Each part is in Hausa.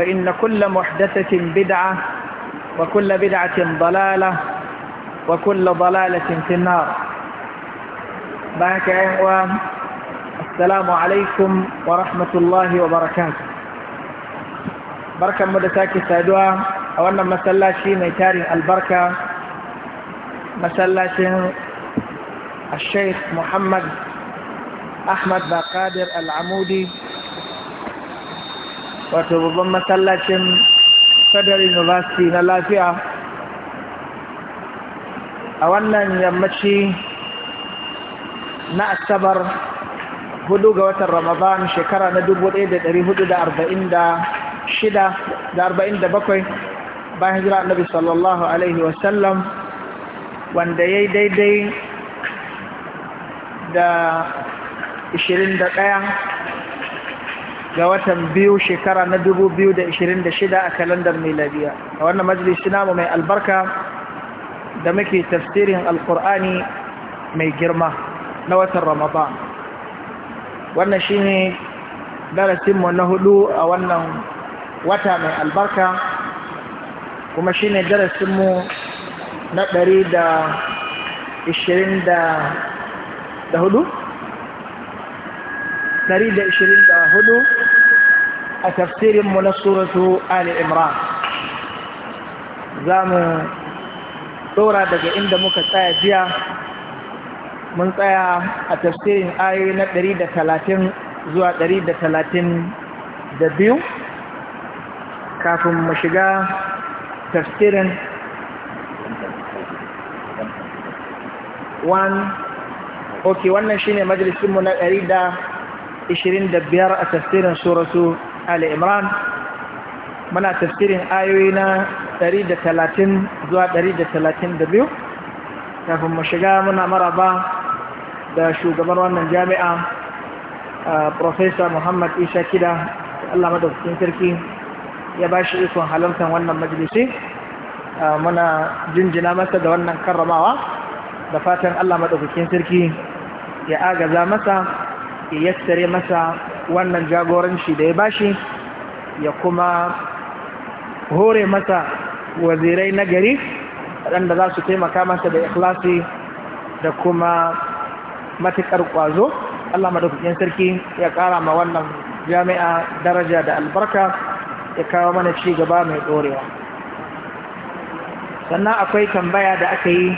فإن كل محدثة بدعة وكل بدعة ضلالة وكل ضلالة في النار بارك أهوى السلام عليكم ورحمة الله وبركاته بركة مدتاك سادوا أولا مسلاشي ميتار البركة شيء الشيخ محمد أحمد باقادر العمودي wato babban masallacin federal university na lafiya a wannan yammaci na asabar hudu ga watan ramadan shekara na 1446 da bakwai, bayan hijira annabi sallallahu alaihi wasallam wanda ya yi daidai da 21 ga watan biyu shekara na dubu biyu da da shida a kalandar miladiya a wannan majalisi namu mai albarka da muke tafsirin alkur'ani mai girma na watan ramadan wannan shine darasinmu na hudu a wannan wata mai albarka kuma shine darasinmu na ɗari da ishirin da hudu? ɗari hudu a tafsirinmu na suratu Ali Imran za mu tsora daga inda muka tsaya jiya mun tsaya a tafsirin ayoyi na ɗari da talatin zuwa ɗari da talatin da biyu kafin mu shiga tafsirin 1 ok wannan shine majalisinmu na ɗari da Ishirin da biyar a tafsirin suratu al'imran muna tafsirin ayoyi na 130 zuwa 132 kafin mu shiga muna maraba da shugaban wannan jami'a Profesa Muhammad Isa Kida Allah madaukakin sarki ya ba shi ikon halartar wannan majalisi muna jinjina masa da wannan karramawa da fatan Allah madaukakin sarki ya agaza masa ya yassare masa wannan jagoranci da ya bashi ya kuma hore masa wazirai nagari gari waɗanda za su taimaka masa da ikhlasi da kuma matuƙar ƙwazo Allah madaukakin sarki ya ƙara ma wannan jami'a daraja da albarka ya kawo mana ci gaba mai ɗorewa sannan akwai tambaya da aka yi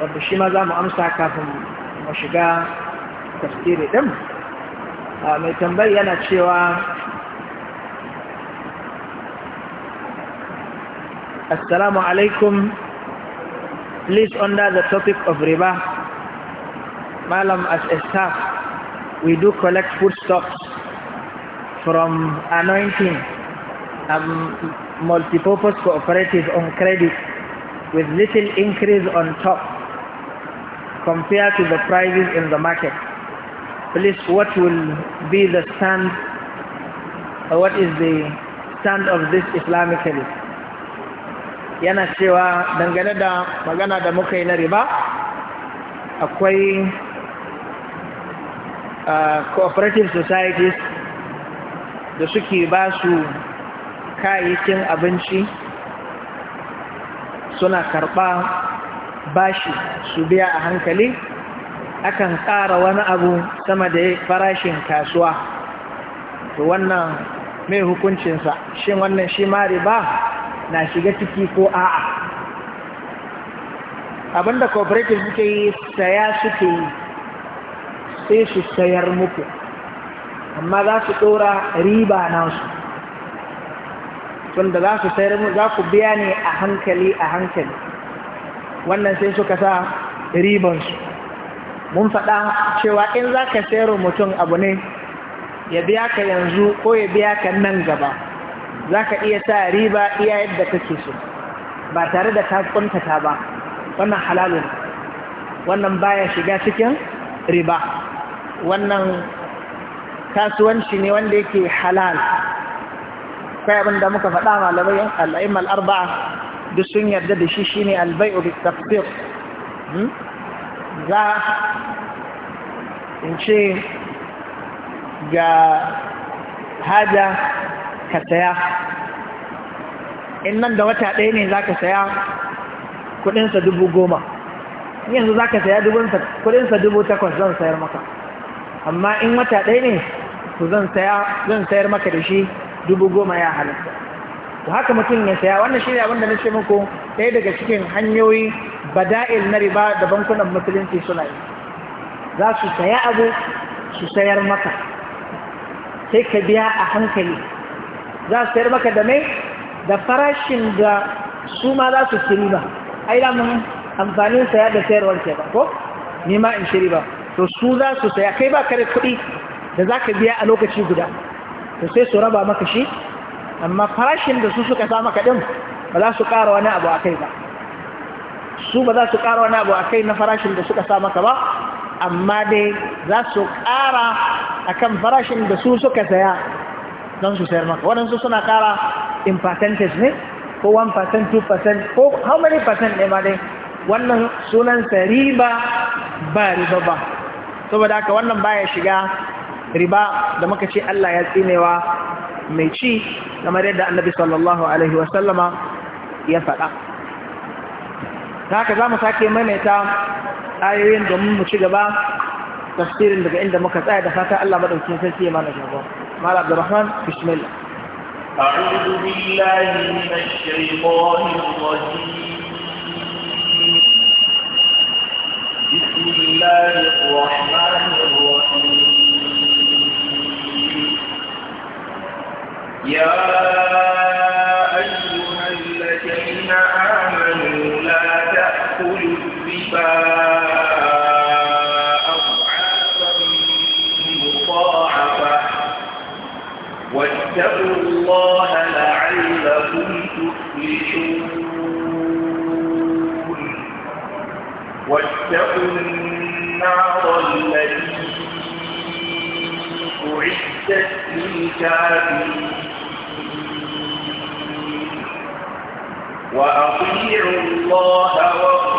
wadda shi ma za mu amsa kafin mu shiga tafsiri ɗin mai tambayi yana cewa assalamu alaikum please under the topic of riba malam as a staff we do collect foodstuffs from anointing and multipurpose cooperative on credit with little increase on top compared to the prices in the market please what will be the stand what is the stand of this islamic hadith yana cewa dangane da magana da muka yi na riba akwai cooperative societies da suke ba su kayayyakin abinci suna karɓa bashi su biya a hankali akan ƙara wani abu sama da farashin kasuwa to wannan mai hukuncinsa shin wannan shi mari ba na shiga ciki ko a'a abinda cooperative suke yi saya suke yi sai su sayar muku amma za su ɗora riba nasu tunda za su sayar mu za ku biya ne a hankali a hankali wannan sai suka sa ribansu mun faɗa cewa in za ka sayar mutum abu ne ya biya ka yanzu ko ya biya ka nan gaba za ka iya sa riba iya yadda kake so ba tare da ta ba wannan halalun wannan baya shiga cikin riba wannan kasuwanci ne wanda yake halal kai abin da muka faɗa malamai al’aimar arba'a duk sun yarda da shi shi albai'u bi tafsir hmm? za in ce ga haja ka saya in nan da wata ɗaya ne za ka saya kudinsa dubu goma yanzu za ka saya kudinsa dubu takwas zan sayar maka amma in wata ɗaya ne ku zan sayar maka da shi dubu goma ya halatta to haka mutum ya saya wannan shine abin da na ce muku ɗaya daga cikin hanyoyi bada'il na riba da bankunan musulunci suna yi za su saya abu su sayar maka sai ka biya a hankali za su sayar maka da mai da farashin da su ma za su shiri ba ai da mun amfanin saya da sayarwar ke ba ko ni ma in shiri ba to su za su saya kai ba kare kuɗi da za ka biya a lokaci guda to sai su raba maka shi amma farashin da su suka sa maka ɗin ba za su ƙara wani abu a kai ba su ba za su ƙara wani abu a kai na farashin da suka sa maka ba amma dai za su ƙara a kan farashin da su suka saya don su sayar maka waɗansu suna ƙara in percentage ne ko 1% 2% ko how many percent ne ma dai wannan sunansa riba ba riba ba saboda haka wannan baya shiga riba da muka ce Allah ya tsinewa mechi ci kamar yadda annabi sallallahu alaihi wasallama ya faɗa ta haka za mu sake maimaita ayoyin domin mu ci gaba tafsirin daga inda muka tsaya da fata Allah maɗauki sarki ya mana jagon mala abdurrahman bismillah a'udhu billahi minash shaytanir rajim bismillahir rahmanir rahim يا أيها الذين آمنوا لا تأكلوا الربا أضعافا مضاعفة واتقوا الله لعلكم تفلحون واتقوا النار التي أعدت للكافرين وأطيعوا الله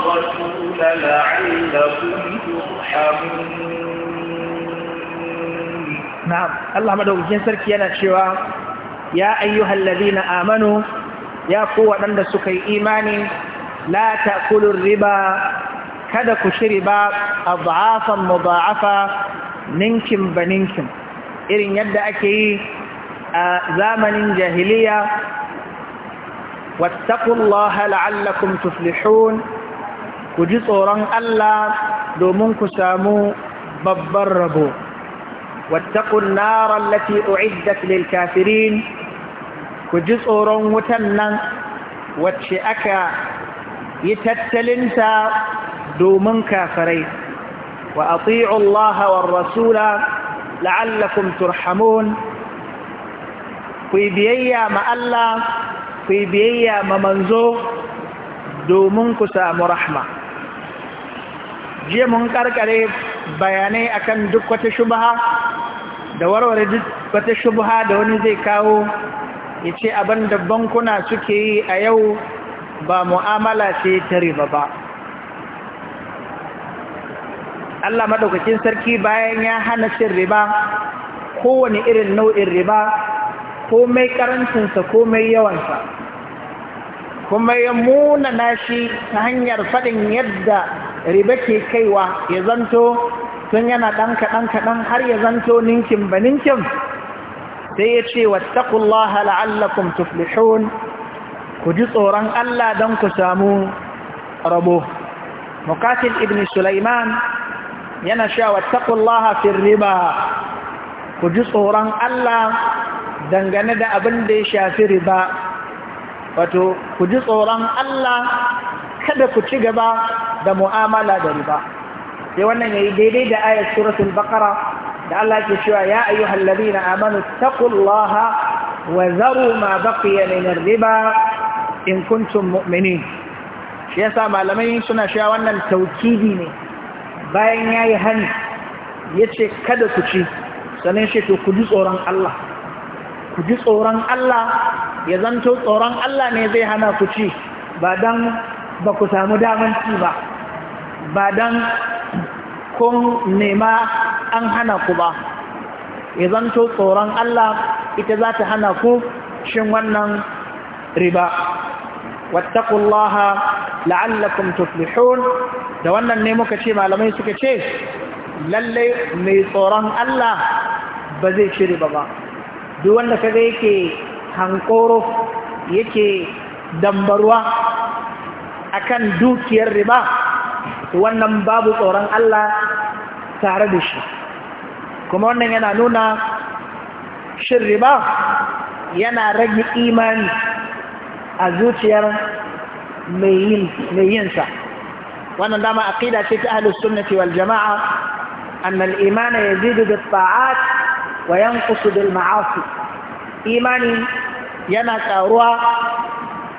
والرسول لعلكم ترحمون نعم الله مدعو جنسر كيانا شواء يا أيها الذين آمنوا يا قوة عند سكي إيماني لا تأكلوا الربا kada ku shiri ba a ba'afan muba'afa ninkin ba ninkin irin yadda ake yi a zamanin jahiliya واتقوا الله لعلكم تفلحون كجي صوران الله دومون كسامو ببربو واتقوا النار التي أعدت للكافرين كجي صوران وتنن واتشي أكا دومون كافرين وأطيعوا الله والرسول لعلكم ترحمون في بيئة ما الله ku yi biyayya ma manzo domin ku samu rahma jiya mun karkare bayanai akan duk wata shubha da warware duk wata shubha da wani zai kawo ya ce abin da bankuna suke yi a yau ba mu'amala ce ta riba ba Allah maɗaukakin sarki bayan ya hana cin riba kowane irin nau'in riba komai karancinsa komai yawansa kuma ya muna nashi ta hanyar faɗin yadda riba ke kaiwa ya zanto tun yana ɗan kaɗan kaɗan har ya zanto ninkin ba ninkin sai ya ce wattakullaha la'allakum tuflihun ku ji tsoron Allah don ku samu rabo mukatil ibn sulaiman yana sha wattakullaha fir riba ku ji tsoron Allah dangane da abin da ya shafi riba wato ku ji tsoron Allah kada ku ci gaba da mu'amala da riba sai wannan yayi daidai da ayat suratul baqara da Allah ke cewa ya ayyuhal ladina amanu taqullaha wa zaru ma baqiya min riba in kuntum mu'minin shi yasa malamai suna cewa wannan taukidi ne bayan yayi hani yace kada ku ci sanin shi to ku ji tsoron Allah ku ji tsoron Allah ya zanto tsoron Allah ne zai hana ku ci ba don ba ku samu daman ci ba ba don kun nema an hana ku ba ya zanto tsoron Allah ita za ta hana ku shin wannan riba wattaqullaha la'allakum tuflihun da wannan ne muka ce malamai suka ce lalle mai tsoron Allah ba zai ci riba ba duk wanda kaga yake hankoro yake dambarwa akan dukiyar riba wannan babu tsoron Allah tare da shi kuma wannan yana nuna shin riba yana rage imani a zuciyar mai yinsa wannan dama aƙida ce ta ahlus sunnati wal jama'a annal al-imana yazidu bit ta'at wa yanqusu bil ma'asi imani yana karuwa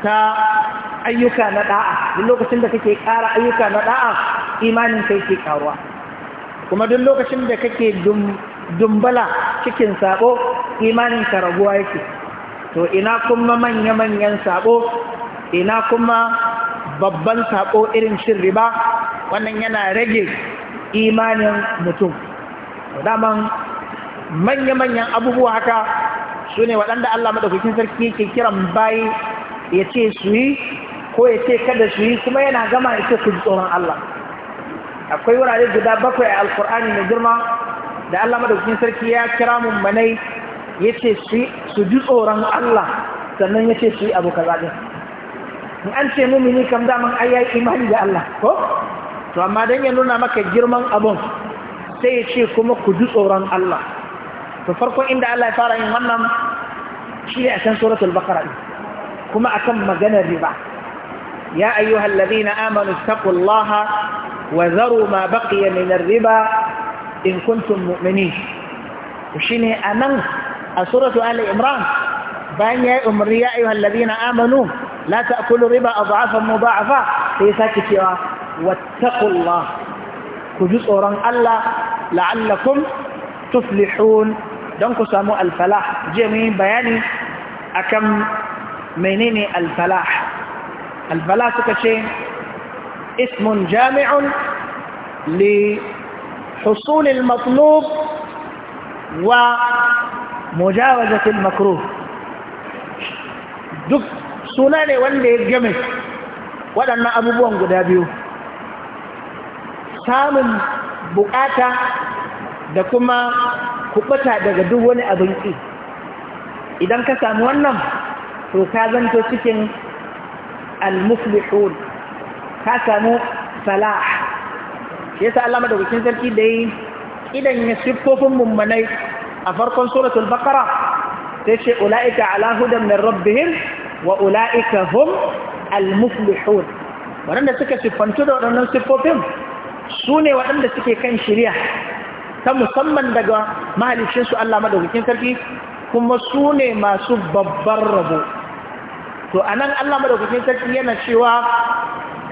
ta ayyuka na da'a duk lokacin da kake ƙara ayyuka na da'a imanin kai ke karuwa kuma duk lokacin da kake dumbala cikin sabo imanin ka raguwa yake to ina kuma manya manyan sabo ina kuma babban sabo irin shin riba wannan yana rage imanin mutum daman manya-manyan abubuwa haka su ne waɗanda Allah maɗaukakin sarki yake kiran bayi ya ce su yi ko ya ce kada su yi kuma yana gama ya ce ku ji tsoron Allah akwai wurare guda bakwai a alkur'ani mai girma da Allah maɗaukakin sarki ya kira manai ya ce su ji tsoron Allah sannan ya ce su yi abu kaza ɗin in an ce mumini kam daman ai yayi imani da Allah ko to amma dan ya nuna maka girman abun sai ya ce kuma ku ji tsoron Allah to farko inda Allah ya fara yin wannan shine akan a can suratul baqara kuma akan maganar riba ya ayyuhal ladina amanu taqullaha wa zaru ma baqiya min ar-riba in kuntum mu'minin shine anan a suratul ali imran bayan ya umri ya ayyuhal ladina amanu la ta'kulu riba adhafan mudha'afa sai sake cewa wattaqullaha ku ji tsoron Allah la'allakum tuflihun don ku samu alfalah je mu yi bayani akan menene alfalah alfalah suka ce ismun jami'un li husulil matlub wa mujawazatil makruh duk suna ne wanda ya game waɗannan abubuwan guda biyu samun bukata da kuma kuɓata daga duk wani abin ƙi idan ka samu wannan to ka zanto cikin al-muflihun ka samu salah shi yasa Allah madaukakin sarki da yi idan ya siffofin mummanai a farkon suratul baqara sai ce ula'ika ala hudan min rabbihim wa ula'ika hum al-muflihun waɗanda suka siffantu da waɗannan siffofin su ne waɗanda suke kan shirya ta musamman daga mahalicinsu Allah madaukakin sarki kuma su ne masu babban rabo to a nan Allah madaukakin sarki yana cewa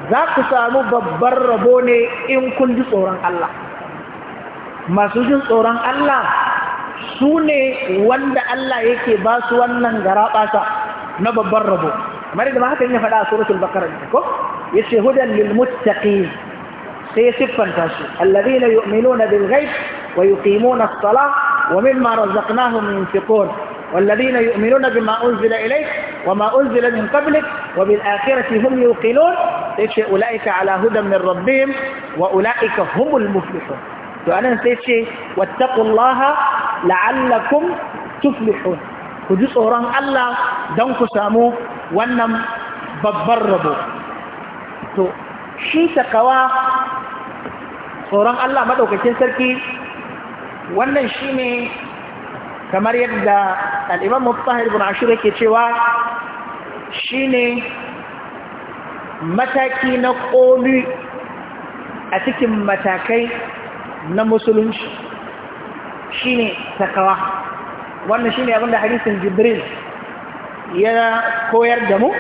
za ku samu babban rabo ne in kun ji tsoron Allah masu jin tsoron Allah su ne wanda Allah yake ba su wannan garaɓasa na babban rabo kamar da ma haka faɗa a suratul bakarar ko ya ce hudan lil sai ya siffanta su alladhina yu'minuna bil ghaib ويقيمون الصلاة ومما رزقناهم ينفقون والذين يؤمنون بما أنزل إليك وما أنزل من قبلك وبالآخرة هم يوقنون أولئك على هدى من ربهم وأولئك هم المفلحون سؤالا سيتشي واتقوا الله لعلكم تفلحون كجو صوران الله دونك سامو ونم ببربو تو شي تقوى صوران الله مدوكتين سركي wannan ne kamar yadda al'imam mutahir bin ashir yake cewa ne mataki na ƙoli a cikin matakai na musulunci ne takawa wannan shine abinda hadisin jibril ya koyar da mu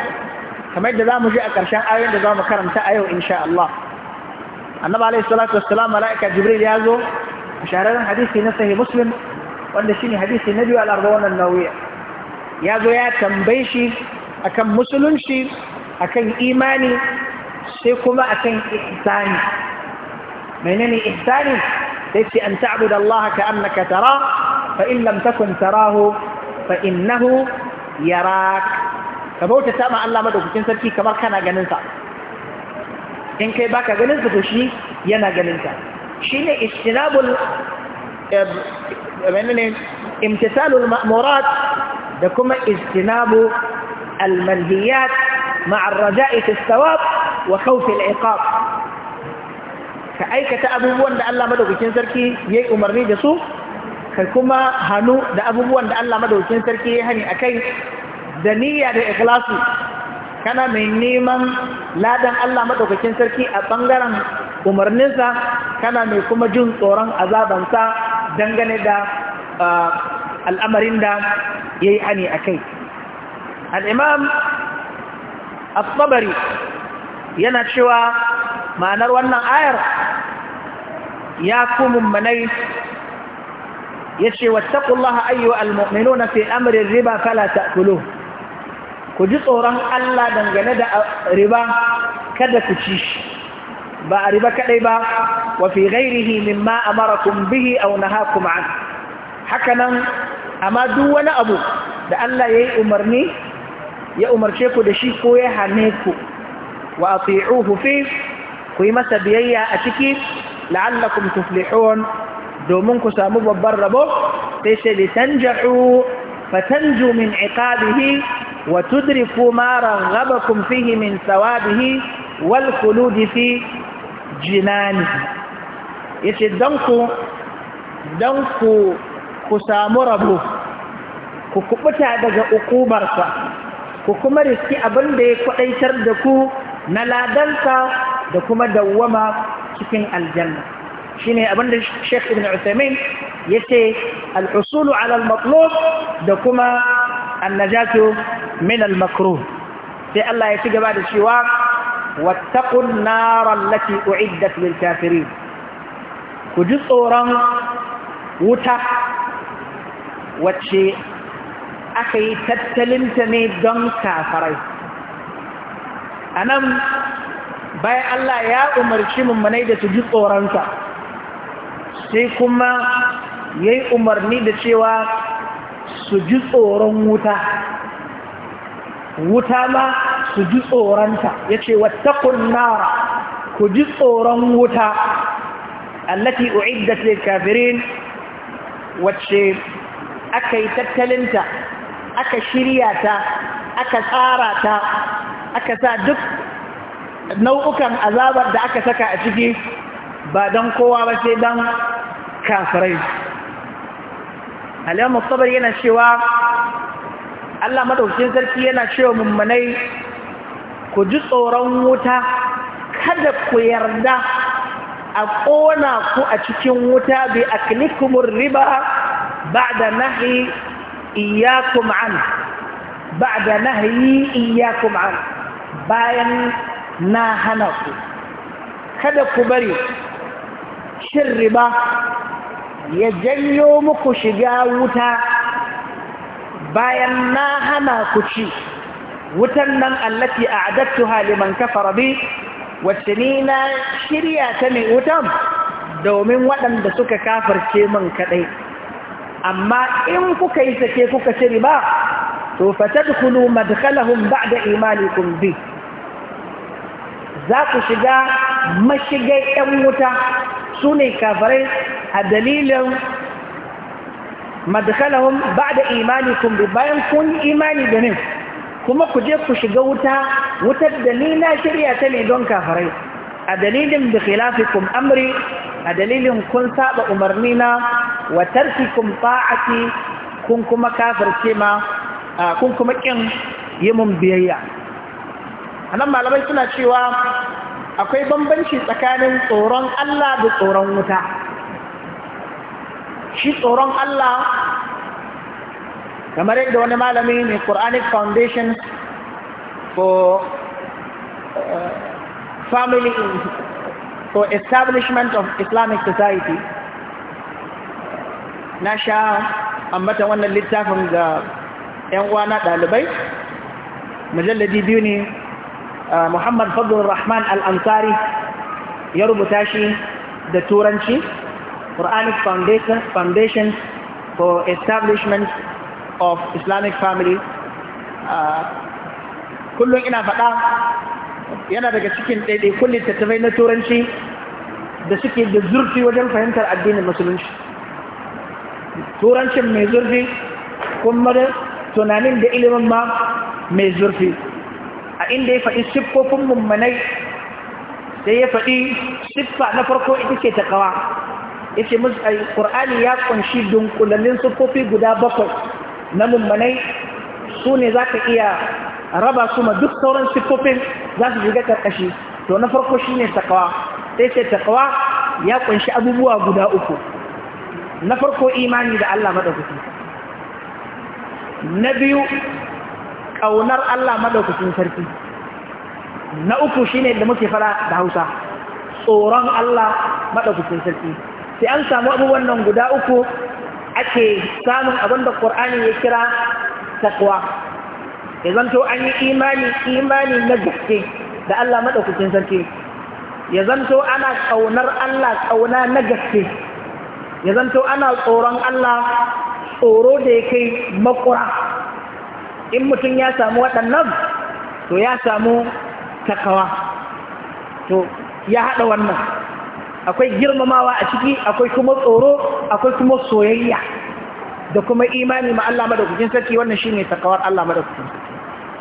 kamar yadda za mu ji a ƙarshen ayoyin da za mu karanta a yau insha Allah annaba alaihi salatu wassalam mala'ika jibril ya zo shahararren hadisi na sahih muslim wanda shine hadisi na biyu al-arba'un an ya zo ya tambaye shi akan musulunci akan imani sai kuma akan ihsani menene ihsani sai ce an ta'budu Allah ka annaka tara fa in lam takun tarahu fa innahu yarak ka bauta ta ma Allah madaukakin sarki kamar kana ganin sa in kai baka ganin sa to shi yana ganin sa. shine istinabul eh, menene imtisalul ma'murat da kuma istinabu al-manhiyat ma'a wa khawf al-iqab ka aikata abubuwan da Allah madaukakin sarki yayi umarni da su ka kuma hannu da abubuwan da Allah madaukakin sarki ya hani akai da niyya da ikhlasi kana mai neman ladan Allah maɗaukakin sarki a ɓangaren umarninsa kana mai kuma jin tsoron azabansa dangane da al'amarin da ya yi hani a kai al'imam asabari yana cewa ma'anar wannan ayar ya kuma manai ya ce wata kullaha ayyu al na fi amrin riba fala ta'kuluhu ku ji tsoron Allah dangane da riba kada ku ci shi ba a riba kadai ba wa fi ghairihi mimma amarakum bihi aw nahakum an haka nan amma duk wani abu da Allah yayi umarni ya umarce ku da shi ko ya hane ku wa ati'uhu fi ku yi masa biyayya a ciki la'allakum tuflihun domin ku samu babbar rabo sai sai litanja'u fatanju min iqabihi wa tudriku ma raghabakum fihi min sawabihi wal khuludi fi jinani yace dan ku ku ku samu rabo ku kubuta daga ukubarsa ku kuma riski abin da ya kwadaitar da ku na ladansa da kuma dawwama cikin aljanna shine abin da Sheikh Ibn Uthaymeen yace al-usul ala al-matlub da kuma an-najatu min al-makruh sai Allah ya ci gaba da cewa wattaqun nar allati uiddat lil kafirin ku ji tsoron wuta wacce aka yi tattalinta ne don kafarai anan bai Allah ya umarci mummunai da su ji tsoronsa sai kuma ya yi umarni da cewa su ji tsoron wuta wuta ma su ji tsoronta ya ce wattakun nara ku ji tsoron wuta allati u'iddat kafirin wacce aka yi tattalinta aka shirya ta aka tsara ta aka sa duk nau'ukan azabar da aka saka a ciki ba don kowa ba sai don kafirai alamar tsabar yana cewa allah maɗaukacin sarki yana cewa mummanai ku ji tsoron wuta kada ku yarda a ƙona ku a cikin wuta bi akilikumun riba ba da nahi an ba da nahi iyakum an bayan na hana ku kada ku bari shin riba ya janyo muku shiga wuta bayan na hana ku ci wutan nan allati a liman kafara bi wacce ni na shirya ta ne wutan domin waɗanda suka kafarce min kaɗai amma in kuka yi sake kuka ci riba to fatadkhulu madkhalahum ba'da imanikum bi za ku shiga mashigar 'yan wuta su ne kafirai a dalilin madakhalahum ba'da imanikum bi bayan kun imani da ne kuma ku je ku shiga wuta wutar da ni na shirya ta ne don kafirai a dalilin bi khilafikum amri a dalilin kun saba umarni na wa tarkikum ta'ati kun kuma kafirce ma kun kuma ƙin yi mun biyayya anan malamai suna cewa akwai bambanci tsakanin tsoron Allah da tsoron wuta shi tsoron Allah kamar yadda wani malami ne Quranic Foundation for uh, family for establishment of Islamic society na sha ambata wannan littafin ga 'yan uwa na ɗalibai mujalladi biyu ne muhammad fadlun rahman al'ansari ya rubuta shi da turanci quranic foundation for establishment of islamic family kullum ina faɗa yana daga cikin ɗaiɗaikun littattafai na turanci da suke da zurfi wajen fahimtar addinin musulunci turancin mai zurfi kuma da tunanin da ilimin ma mai zurfi a inda ya faɗi siffofin mummanai sai ya faɗi siffa na farko ita ce Ita yace ƙur'ani ya ƙunshi dunkulallin siffofi guda bakwai na mummanai su ne za ka iya raba su ma duk sauran siffofin za su shiga karkashi to na farko shi ne ta ƙawa sai ce takawa ya ƙunshi abubuwa guda uku na farko imani da Allah madaukaki na biyu ƙaunar Allah maɗaukacin sarki na uku shine da muke fara da Hausa tsoron Allah maɗaukacin sarki sai an samu abubuwan nan guda uku ake samun abin da Qur'ani ya kira taqwa ya zanto an yi imani imani na gaske da Allah maɗaukacin sarki ya zanto ana ƙaunar Allah ƙauna na gaske ya zanto ana tsoron Allah tsoro da ya kai makura in mutum ya samu waɗannan to ya samu takawa to ya haɗa wannan akwai girmamawa a ciki akwai kuma tsoro akwai kuma soyayya da kuma imani ma Allah madaukakin sarki wannan shine takawar Allah madaukakin sarki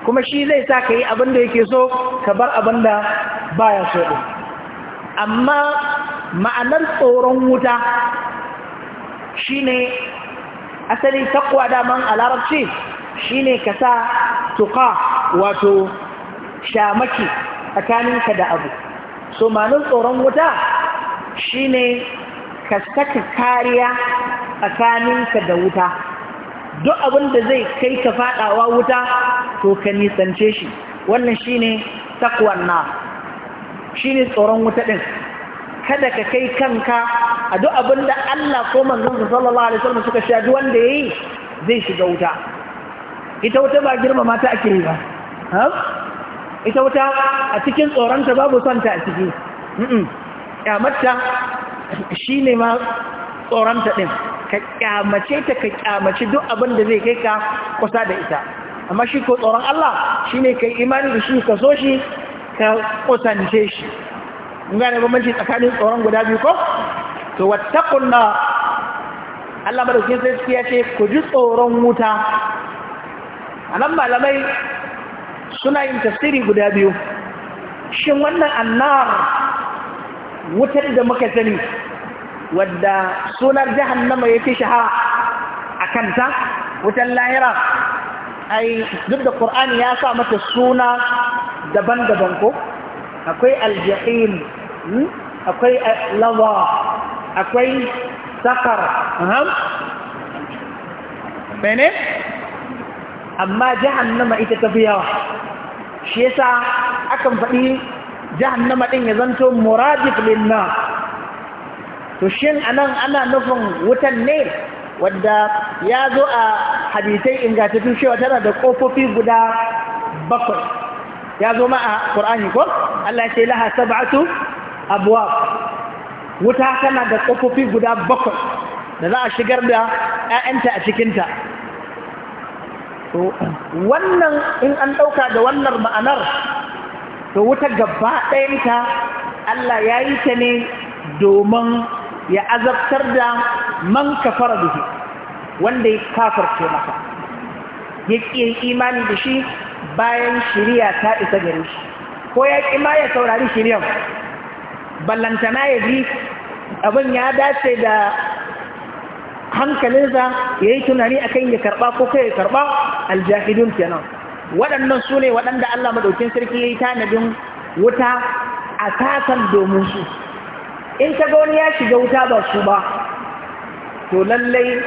kuma shi zai sa ka yi abin da yake so ka bar abin da baya so ɗin amma ma'anar tsoron wuta shine asali takwa daman a larabci shine ka sa tuka wato shamaki tsakaninka da abu so manin tsoron wuta shine ka saka kariya tsakaninka da wuta duk abin da zai kai ka fadawa wuta to ka nisance shi wannan shine takwan na shine tsoron wuta ɗin. kada ka kai kanka a duk abin Allah ko manzon sallallahu alaihi wasallam suka sha duk wanda yi zai shiga wuta ita wuta ba girmama ta ake yi ba ita wata a cikin tsoronta babu sonta a ciki ƙyamata shi ne ma tsoronta ɗin ka ƙyamace ta ka ƙyamace duk abin da zai kai ka kusa da ita amma shi ko tsoron Allah shi ne ka imani da shi ka so shi ka kusance shi gane bambanci tsakanin tsoron guda biyu ko to wattaqun kunna! Allah madaukakin sarki ya ce ku ji tsoron wuta anan malamai suna yin tafsiri guda biyu shin wannan annar wutar da muka sani wadda sunar jahannama ya fi shahara a kanta wutar lahira ai duk da ƙur'ani ya sa mata suna daban-daban ko akwai aljahim hmm? akwai lawa akwai sakar hmm? mene? amma jahannama ita ta fi yawa shi yasa akan faɗi jahannama ɗin ya zanto muradif linna to shin anan ana nufin wutan ne wadda ya zo a hadisai ingantattun cewa tana da ƙofofi guda bakwai ya zo ma a ƙur'ani ko Allah ce laha sab'atu wuta tana da ƙofofi guda bakwai da za a shigar da ƴaƴanta a cikinta to wannan in an ɗauka da wannan ma'anar to wuta gaba ɗayanta Allah ya yi ta ne domin ya azabtar da man kafara bihi wanda ya kafarce masa ya ƙi imani da shi bayan shirya ta isa gare shi ko ya ƙi ma ya saurari shiryan ballantana ya ji abin ya dace da hankalinsa ya yi tunani akan ya karɓa ko kai ya karɓa aljahidun kenan waɗannan su ne waɗanda Allah madaukin sarki ya yi tanadin wuta a tasan domin su in ka ga wani ya shiga wuta ba su ba to lallai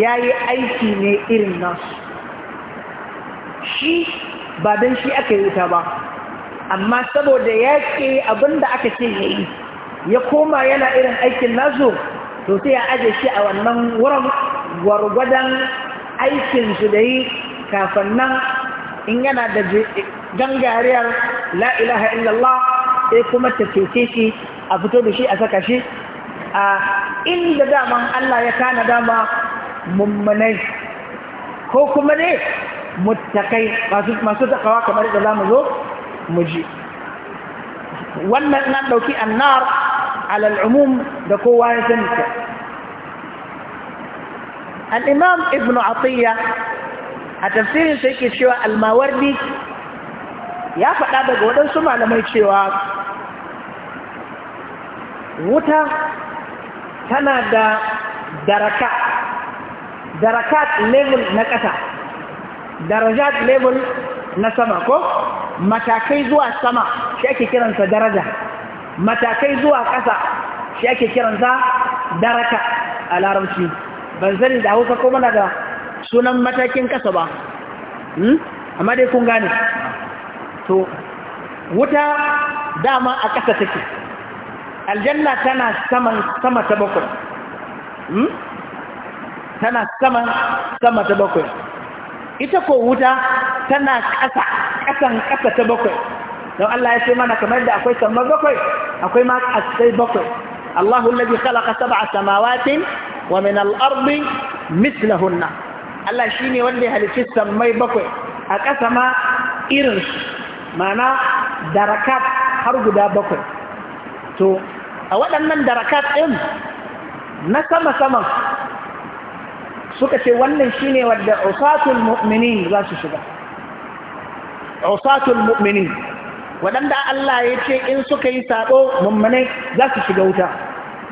ya yi aiki ne irin nasu shi ba don shi aka yi wuta ba amma saboda ya ke abinda aka ce ya yi ya koma yana irin aikin nasu to sai ya aje shi a wannan wurin gwargwadon aikin su da yi kafin nan in yana da gangariyar la'ilaha illallah sai kuma ta shi a fito da shi a saka shi a inda daman Allah ya kana dama mummunai ko kuma ne mutakai masu takawa kamar da za mu zo mu ji wannan na ɗauki annar alal umum da kowa ya sani ta al-imam ibn atiyya a tafsirin sai ke cewa almawardi ya faɗa daga waɗansu malamai cewa wuta tana da daraka darakat level na ƙasa darajat level na sama ko matakai zuwa sama shi ake kiransa daraja matakai zuwa ƙasa shi ake kiransa daraka a larabci ban zari da hausa ko mana da sunan matakin ƙasa ba hmm? amma dai kun gane to wuta dama a ƙasa take aljanna tana saman sama ta bakwai hmm? tana saman sama ta bakwai ita ko wuta tana ƙasa ƙasan ƙasa ta bakwai don Allah ya ce mana kamar da akwai sammai bakwai akwai ma asai bakwai Allahu alladhi khalaqa sab'a samawatin wa min al-ardi mithlahunna Allah shine wanda ya halicci sammai bakwai a ƙasa ma irin mana darakat har guda bakwai to a waɗannan darakat ɗin na sama-saman suka ce wannan shine wadda usatul mu'minin za su shiga usatul mu'minin waɗanda Allah ya ce in suka yi saɓo mummune za su shiga wuta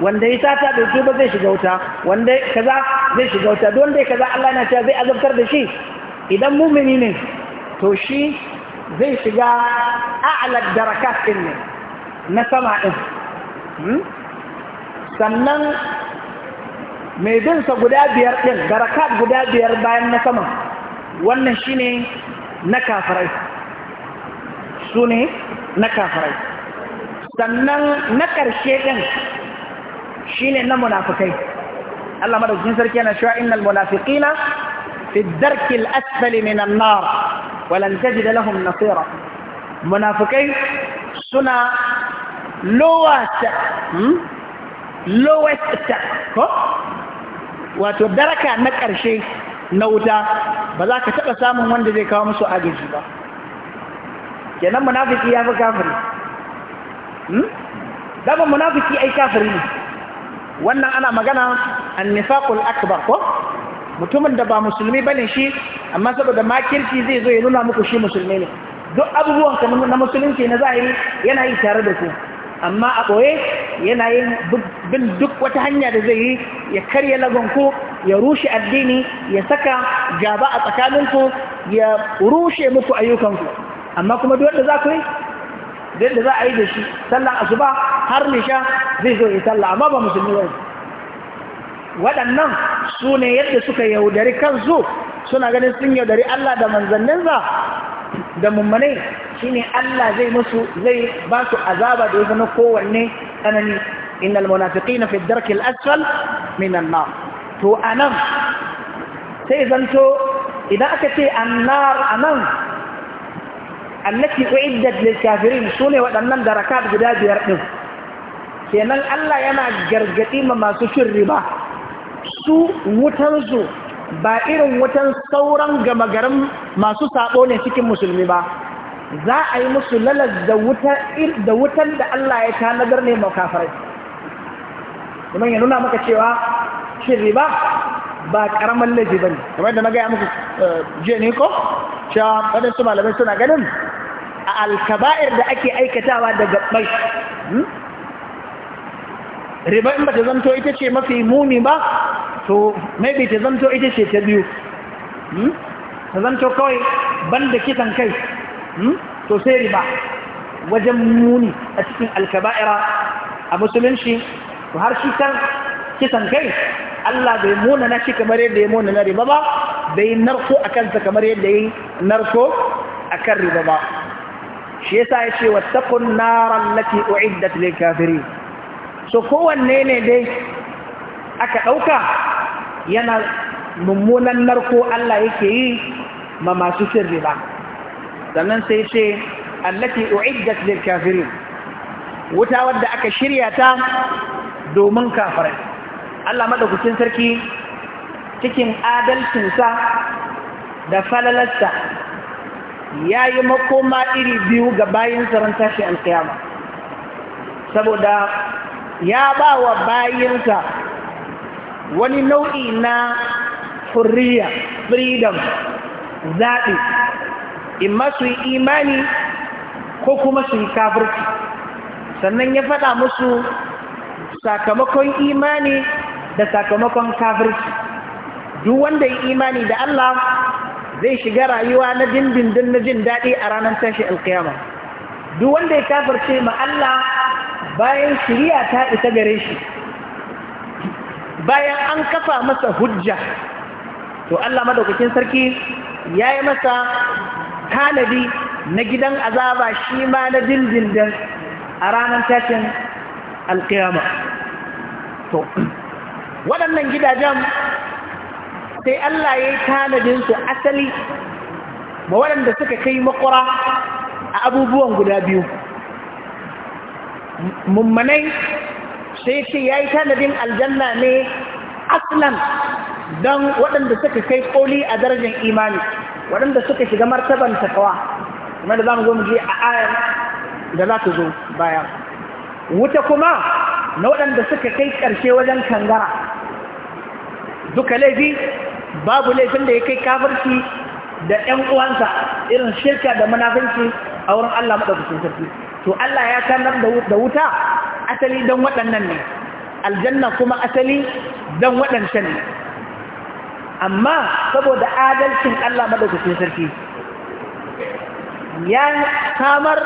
wanda ya sata su ba zai shiga wuta wanda kaza zai shiga wuta don dai kaza Allah na cewa zai azabtar da shi idan mumini ne to shi zai shiga a'ala darakat din ne na sama ɗin hmm? sannan mai binsa guda biyar ɗin darakat guda biyar bayan na sama wannan shine na kafirai su ne na kafirai sannan na ƙarshe ɗin shi ne na munafikai Allah madaukin sarki yana cewa innal munafiqina fi darkil asfali minan nar walan da lahum nasira munafikai suna lowest hmm? lowest ko wato daraka na ƙarshe na wuta ba za ka taɓa samun wanda zai kawo musu agaji ba kenan munafiki ya fi kafiri hmm? daban munafiki ai kafiri ne wannan ana magana annifaqul akbar ko mutumin da ba musulmi bane shi amma saboda makirci zai zo ya nuna muku shi musulmi ne duk abubuwan ka na musulunci na zahiri yana yi tare da ku amma a ɓoye yana yin bin duk wata hanya da zai yi ya karya lagonku ya rushe addini ya saka gaba a tsakaninku ya rushe muku ayyukanku amma kuma duk wanda za ku yi da za a yi da shi sallan asuba har nisha zai zo yi sallah amma ba musulmi ba waɗannan su ne yadda suka yaudari kansu suna ganin sun yaudari Allah da manzanninsa da mummanai shine Allah zai musu zai ba su azaba da ya zama kowanne tsanani innal munafiqina fi darkil asfal min an-nar to anan sai zanto idan aka ce annar anan allati uiddat lil kafirin sune waɗannan darakat guda biyar din kenan Allah yana gargadi ma masu cin riba su wutan su ba irin wutan sauran gama garin masu sabo ne cikin musulmi ba za a yi musu lalas da wutan da Allah ya tanadar ne makafirai kuma ya nuna maka cewa shirri ba, ba karamin laifi bane kamar da na gaya muku eh, jiya ne ko cewa waɗansu malamai suna ganin a alkaba'ir da ake aikatawa da gabbai hmm? riba in ba ta zanto ita ce mafi muni ba to maybe ta zanto ita ce ta biyu hmm? ta zanto kawai banda kisan kai hmm? to sai riba wajen muni a cikin alkaba'ira a musulunci to har shi kan kisan kai Allah bai muna na shi kamar yadda ya muna na riba ba bai narko a kansa kamar yadda ya narko a kan riba ba shi yasa ya ce wattaqun naran lati uiddat lil kafirin so kowanne ne dai aka ɗauka yana mummunan narko Allah yake yi ma masu sirri ba sannan sai ce allati uiddat lil kafirin wuta wadda aka shirya ta domin kafirai Allah madaukakin sarki cikin adalcinsa da falalarsa ya yi makoma iri biyu ga bayan tsaron tashi alkiyama saboda ya ba wa bayansa wani nau'i na hurriya freedom zaɓi in masu yi imani ko kuma su yi kafirci sannan ya faɗa musu sakamakon imani da sakamakon kafirci duk wanda yi imani da Allah zai shiga rayuwa na dindindin na jin daɗi a ranar tashi alkiyama duk wanda ya kafarce ma Allah bayan shiriya ta isa gare shi bayan an kafa masa hujja to Allah madaukakin sarki ya yi masa tanadi na gidan azaba shi ma na dindindin a ranar tashin alkiyama to waɗannan gidajen sai Allah ya yi tanadinsu asali ma waɗanda suka kai makura a abubuwan guda biyu mummanai sai ce ya yi tanadin aljanna ne aslan don waɗanda suka kai koli a darajar imani waɗanda suka shiga martaban takawa kuma da za mu zo mu je a ayar da za ta zo baya wuta kuma na waɗanda suka kai ƙarshe wajen kangara duka laifi babu laifin da ya kai kafarci da ‘yan uwansa irin shirka da munafinci a wurin Allah maɗaukacin sarki to Allah ya sanar da wuta asali don waɗannan ne aljanna kuma asali don waɗancan ne amma saboda adalcin Allah maɗaukacin sarki ya samar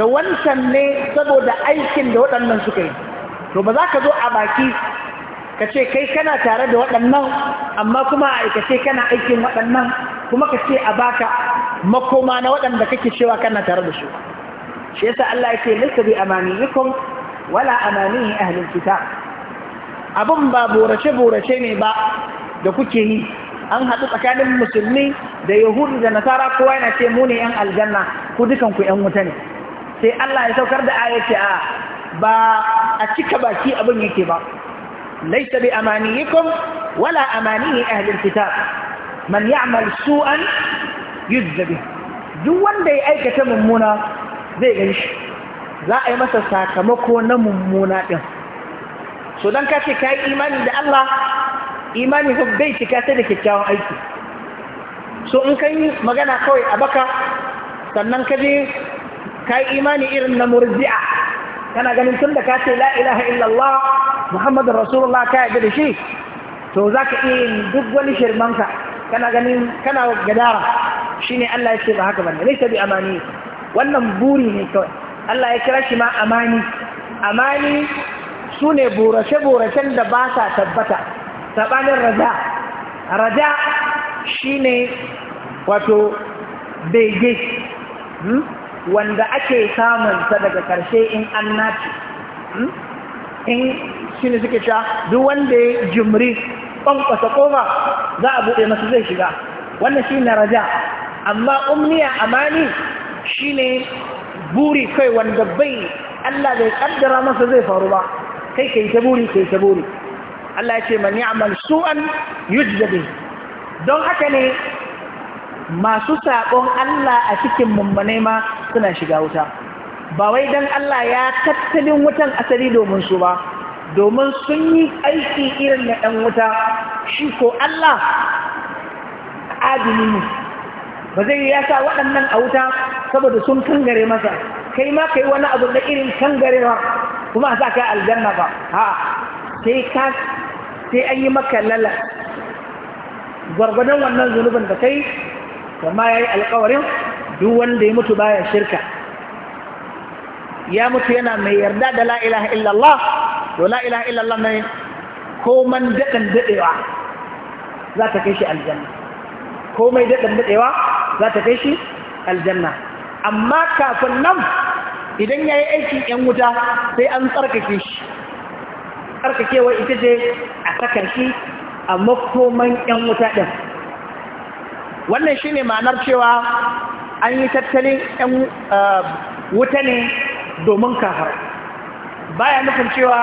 da wancan ne saboda aikin da waɗannan suka yi to ba za ka zo a baki ka ce kai kana tare da waɗannan amma kuma a aikace kana aikin waɗannan kuma ka ce a baka makoma na waɗanda kake cewa kana tare da su shi yasa Allah ya ce laysa bi amaniyikum wala amani ahlul kitab abun ba borace borace ne ba da kuke yi an haɗu tsakanin musulmi da yahudu da nasara kowa yana ce mu ne yan aljanna ku dukan ku yan wuta ne sai Allah ya saukar da ayati a ba a cika baki abin yake ba ليس بأمانيكم ولا أماني أهل الكتاب من يعمل سوءا يجزى به دون دي أيكة ممونة زي غيش za a yi masa sakamako na mummuna ɗin so don ka ka yi imani da Allah imani ko bai cika sai da kyakkyawan aiki su in ka yi magana kawai a baka sannan ka je ka yi imani irin na murzi'a kana ganin tun da ka ce illallah muhammadun rasulullah ka yadda da shi to za ka iya yin duk wani shirmanka kana ganin kana gadara shi ne Allah ya ce ba haka ba ne ta bi amani wannan buri ne kawai Allah ya kira shi ma amani amani su ne burace-buracen da ba sa tabbata saɓanin raja raja shi ne wato bege hmm, wanda ake samunsa daga karshe in an nace hmm, in shine suke sha duk wanda ya jimri kwankwasa koma za a buɗe masa zai shiga wannan shi na raja amma umniya amani shi ne buri kai wanda bai Allah bai kaddara masa zai faru ba kai kai ta buri kai ta buri Allah ya ce man ya'mal su'an yujzabi don haka ne masu saƙon Allah a cikin mummune ma suna shiga wuta ba wai dan Allah ya tattalin wutan asali domin su ba domin sun yi aiki irin na ɗan wuta shi ko Allah adini ne ba zai ya sa waɗannan a wuta saboda sun kangare masa kai ma kai wani abu na irin kangarewa kuma sa ka aljanna ba ha sai ka sai an yi maka lala gwargwadon wannan zunubin da kai kuma ya yi alkawarin duk wanda ya mutu baya shirka ya mutu yana mai yarda da la ilaha illallah to la ilaha illallah ne koman daɗin daɗewa za ta kai shi aljanna komai daɗin daɗewa za ta kai shi aljanna amma kafin nan idan ya yi aikin ‘yan wuta sai an tsarkake shi tsarkakewa ita ce a sakar shi a makoman ‘yan wuta ɗin wannan shi ne ma'anar cewa an yi tattalin ‘yan wuta ne domin kafar baya nufin cewa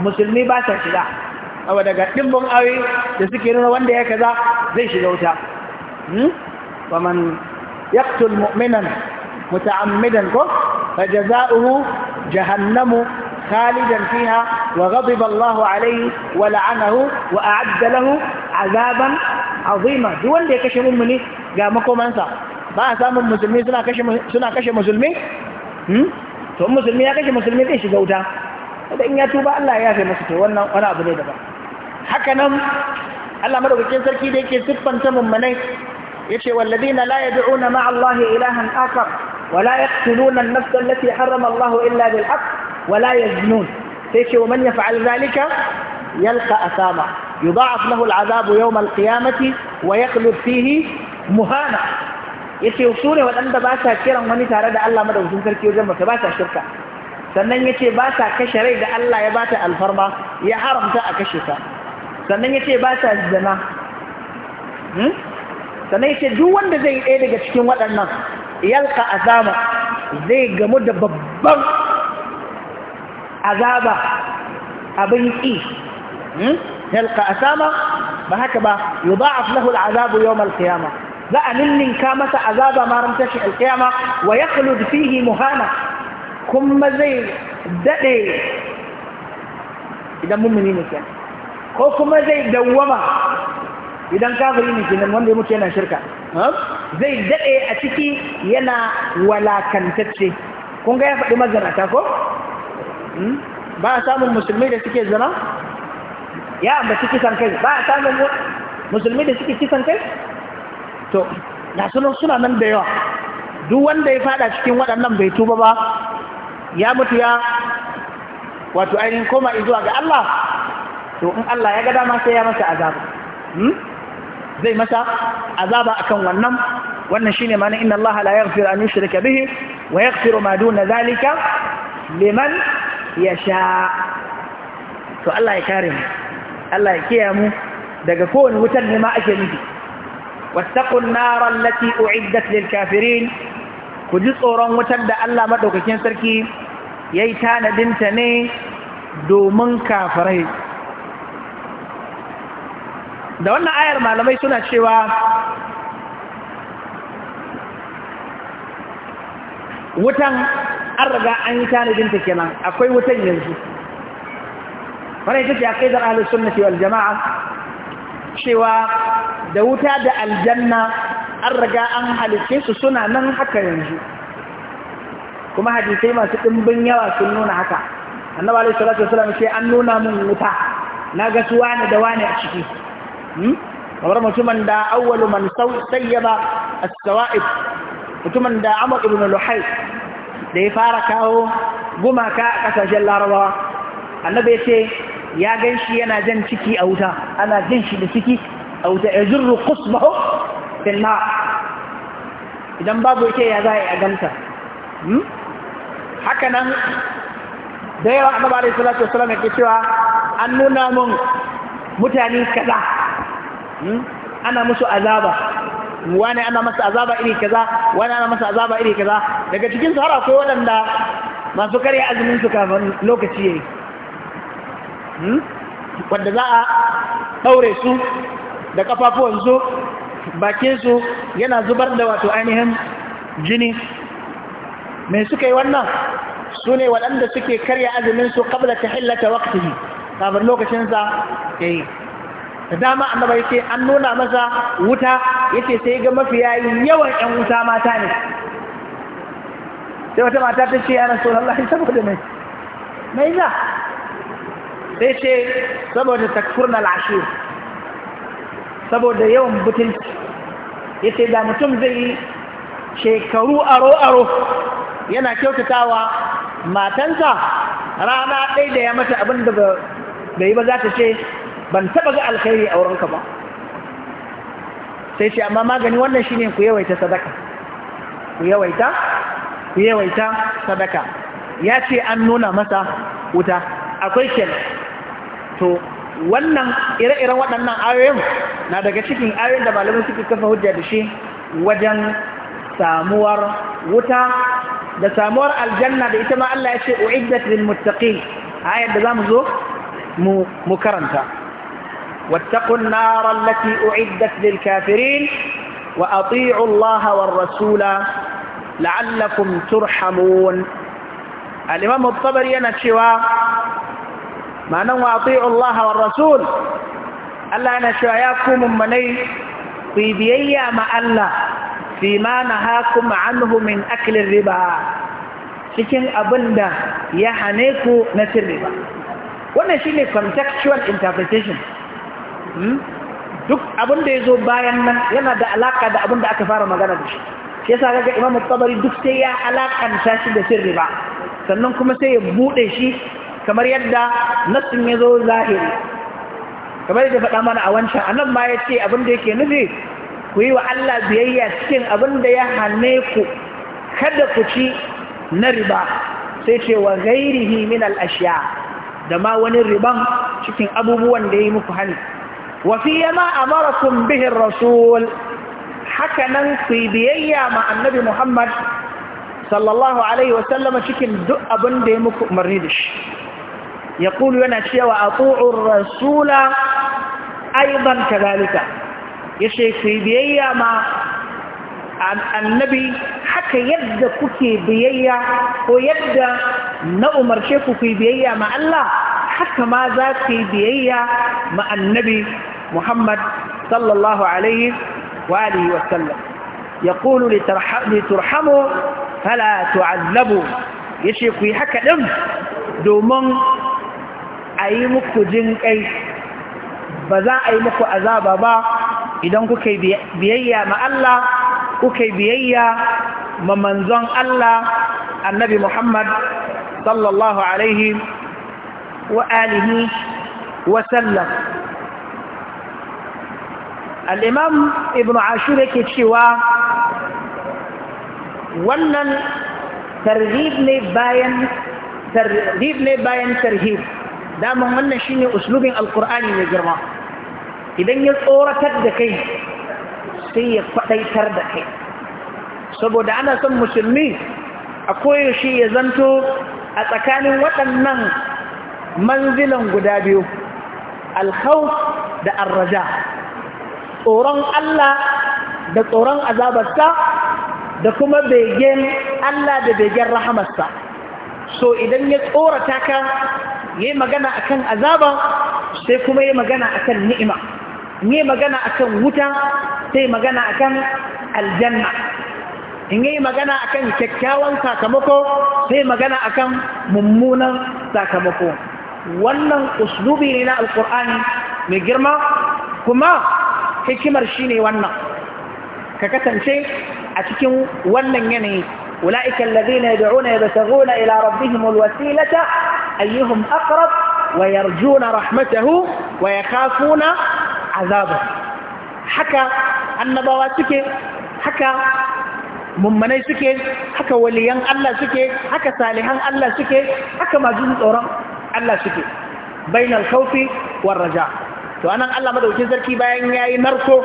musulmi ba sa shiga abu daga ɗimbin awi da suke nuna wanda ya kaza zai shiga wuta hmm? waman yaktul mu'minan muta'ammidan ko fa jaza'uhu jahannamu خالدا فيها wa la'anahu wa ولعنه وأعد له عذابا عظيما دول دي كشمون ga قام قومانسا ba a samun musulmi suna kashe suna kashe musulmi to musulmi ya kashe musulmi zai shiga wuta idan in ya tuba Allah ya yafe masa to wannan wani abu ne daban haka nan Allah madaukakin sarki da yake siffanta mummunai yace walladina la yad'una ma'a Allah ilahan akhar wa la yaqtuluna an-nafs allati harrama Allah illa bil haqq wa la yaznun sai ce wa man yaf'al zalika yalqa asama yudha'af lahu al yawm al-qiyamati wa yakhlud fihi muhana yace su ne waɗanda ba sa kiran wani tare da Allah madaukakin sarki wajen baka ba sa shirka sannan yace ba sa kashe rai da Allah ya bata alfarma ya haramta a kashe ta sannan yace ba sa zina hmm? sannan yace duk wanda zai ɗaya daga cikin waɗannan yalka azaba zai gamu da babban azaba abin ƙi hmm? yalka azaba ba haka ba yudha'af lahu al'azabu yawm al-qiyamah za a ninninka masa azaba maran tashi alkiyama wa ya khulud fihi muhana kuma zai daɗe idan mummuni ne kenan ko kuma zai dawwama idan kafiri ne kenan wanda ya mutu yana shirka zai daɗe a ciki yana walakantacce kun ga ya faɗi mazanata ko hmm? ba a samun musulmi da suke zina ya ambaci kisan kai ba a samun musulmi da suke kisan kai to ga sunan suna nan da yawa duk wanda ya fada cikin waɗannan bai tuba ba ya mutu ya wato ainihin koma zuwa ga Allah to in Allah ya ga dama sai ya masa azaba hmm? zai masa azaba akan wannan wannan shine ma'ana inna Allah la yaghfiru an yushrika bihi wa yaghfiru ma duna zalika liman yasha to Allah ya kare mu Allah ya kiyaye mu daga kowane wutar ne ma ake nufi wattaqu an-nar allati u'iddat lil kafirin ku ji tsoron wutar da Allah madaukakin sarki yayi tanadin ta ne domin kafirai da wannan ayar malamai suna cewa wutan an riga an yi tanadin kenan akwai wutan yanzu wannan ita ce aqidar ahlus sunnati wal jama'a cewa da wuta da aljanna an raga an halice su suna nan haka yanzu kuma hadisai masu ɗimbin yawa sun nuna haka annabi alaihi salatu wasallam sai an nuna mun wuta na ga su wani da wani a ciki hmm? kamar mutumin da awwalu man sayyaba as-sawa'ib mutumin da Amr ibn Luhay da ya fara kawo gumaka a kasashen Larabawa annabi ya ya gan shi yana jan ciki a wuta ana jin shi da ciki أو يجر قصبه في النار إذا باب يكي يا ذاي أقمت هكذا da yawa annabi alaihi salatu wasallam yake cewa an nuna mun mutane kaza ana musu azaba wani ana masa azaba iri kaza wani ana masa azaba iri kaza daga cikin su har akwai waɗanda masu karya azumin su kafin lokaci yayi wanda za a ɗaure su da kafafuwansu bakinsu yana zubar da wato ainihin jini mai suka yi wannan su ne waɗanda suke karya azuminsu kabla ta hillata waktihi kafin lokacinsa ya yi dama annaba yake an nuna masa wuta yake sai ga mafiya yawan ƴan wuta mata ne sai wata mata ta ce ya rasu saboda mai mai za sai ce saboda takfurna al'ashir saboda yawan butunci ya ce da mutum zai yi shekaru aro-aro yana kyautatawa matansa rana ɗai da ya mata abin da bai yi ba za ta ce ban taɓa ga alkhairi a wurinka ba sai ce amma magani wannan shine ku yawaita sadaka ku yawaita ku yawaita sadaka ya ce an nuna masa wuta akwai kyan to wannan ire-iren waɗannan ayoyin na daga cikin ayoyin da malamai suke kafa hujja da shi wajen samuwar wuta da samuwar aljanna da ita ma Allah ya ce uiddat lil muttaqin ayar da zamu zo mu mu karanta wattaqun nar allati uiddat lil kafirin wa ati'u Allah war rasula la'allakum turhamun al-imam at-tabari yana cewa ma'anan wa ati'u Allah wa rasul Allah yana cewa ya ku mummunai ku biyayya ma Allah fi ma nahakum anhu min aklin riba cikin abinda ya hane ku na cin riba wannan shine contextual interpretation hmm? duk abinda ya zo bayan nan yana da alaka da abinda aka fara magana da shi shi yasa kaga imamu tabari duk sai ya alakanta shi da sirri ba sannan kuma sai ya bude shi kamar yadda nassin ya zo zahiri kamar yadda faɗa mana a wancan anan ma ya ce abin da yake nufi ku yi wa Allah biyayya cikin abin da ya hane ku kada ku ci na riba sai ce wa gairihi min al'ashiya da ma wani riban cikin abubuwan da ya yi muku hani wafi yana amarakun bihin rasul haka nan ku yi biyayya ma annabi Muhammad sallallahu Alaihi wasallama cikin duk abin da ya muku umarni da shi yaqulu yana cewa atu'ur rasula aidan kadalika yace ku biyayya ma annabi haka yadda kuke biyayya ko yadda na umarce ku ku biyayya ma Allah haka ma za ku biyayya annabi Muhammad sallallahu alaihi wa alihi wa sallam yaqulu liturhamu fala tu'azzabu yace kuyi haka ɗin domin a yi muku jin kai ba za a yi muku azaba ba idan kuka yi biyayya ma Allah kuka yi biyayya ma manzon Allah annabi Muhammad sallallahu alaihi wa alihi wa sallam al-imam ibn ashur yake cewa wannan tarhib tarhib ne bayan tarhib daman wannan shine uslubin alkur'ani mai girma idan ya tsoratar da kai sai ya faɗaitar da kai saboda ana son musulmi a koyaushe ya zanto a tsakanin waɗannan manzilan guda biyu alhaus da arraja tsoron Allah da tsoron azabarsa da kuma begen Allah da begen rahamarsa so idan ya tsorata ka ya yi magana akan azaba sai kuma ya magana akan ni'ima ya magana akan wuta sai magana akan aljanna in yi magana akan kyakkyawan sakamako sai magana akan mummunan sakamako wannan uslubi ne na alkur'ani mai girma kuma hikimar shine wannan ka kasance a cikin wannan yanayi ula'ikal ladina yad'una yabtaguna ila rabbihimul wasilata ayyuhum aqrab wa yarjuna rahmatahu wa yakhafuna azabahu haka annabawa suke haka mummanai suke haka waliyan Allah suke haka salihan Allah suke haka majin tsoron Allah suke bainal khawfi war to anan Allah madaukin sarki bayan yayi narko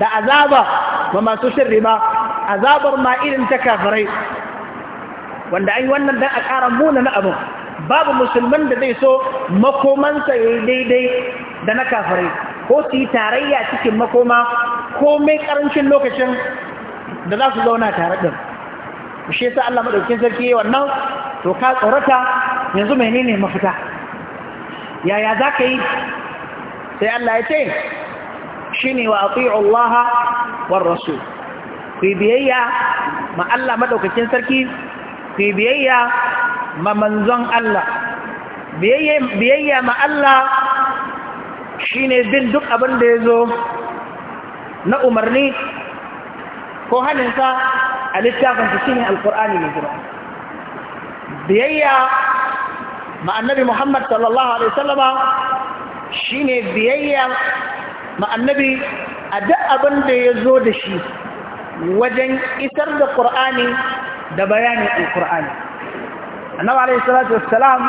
da azaba ma masu shirri ba azabar ma irin ta kafirai wanda an yi wannan dan a ƙara muna na abu babu musulman da zai so makomansa ya daidai da na kafirai ko su yi tarayya cikin makoma ko mai ƙarancin lokacin da za su zauna tare ɗin shi yasa Allah maɗaukin sarki yi wannan to ka tsorata yanzu menene mafita yaya za ka yi sai Allah ya ce shine wa ati'u Allah war rasul ku biyayya ma Allah madaukakin sarki ku biyayya ma manzon Allah biyayya ma Allah shine bin duk abin da yazo na umarni ko haninsa a littafin su shine alqur'ani ne jira biyayya ma annabi Muhammad sallallahu alaihi wasallama shine biyayya ma a duk abin da ya zo da shi wajen isar da ƙur'ani da bayanin alƙur'ani annabi alaihi salatu wassalam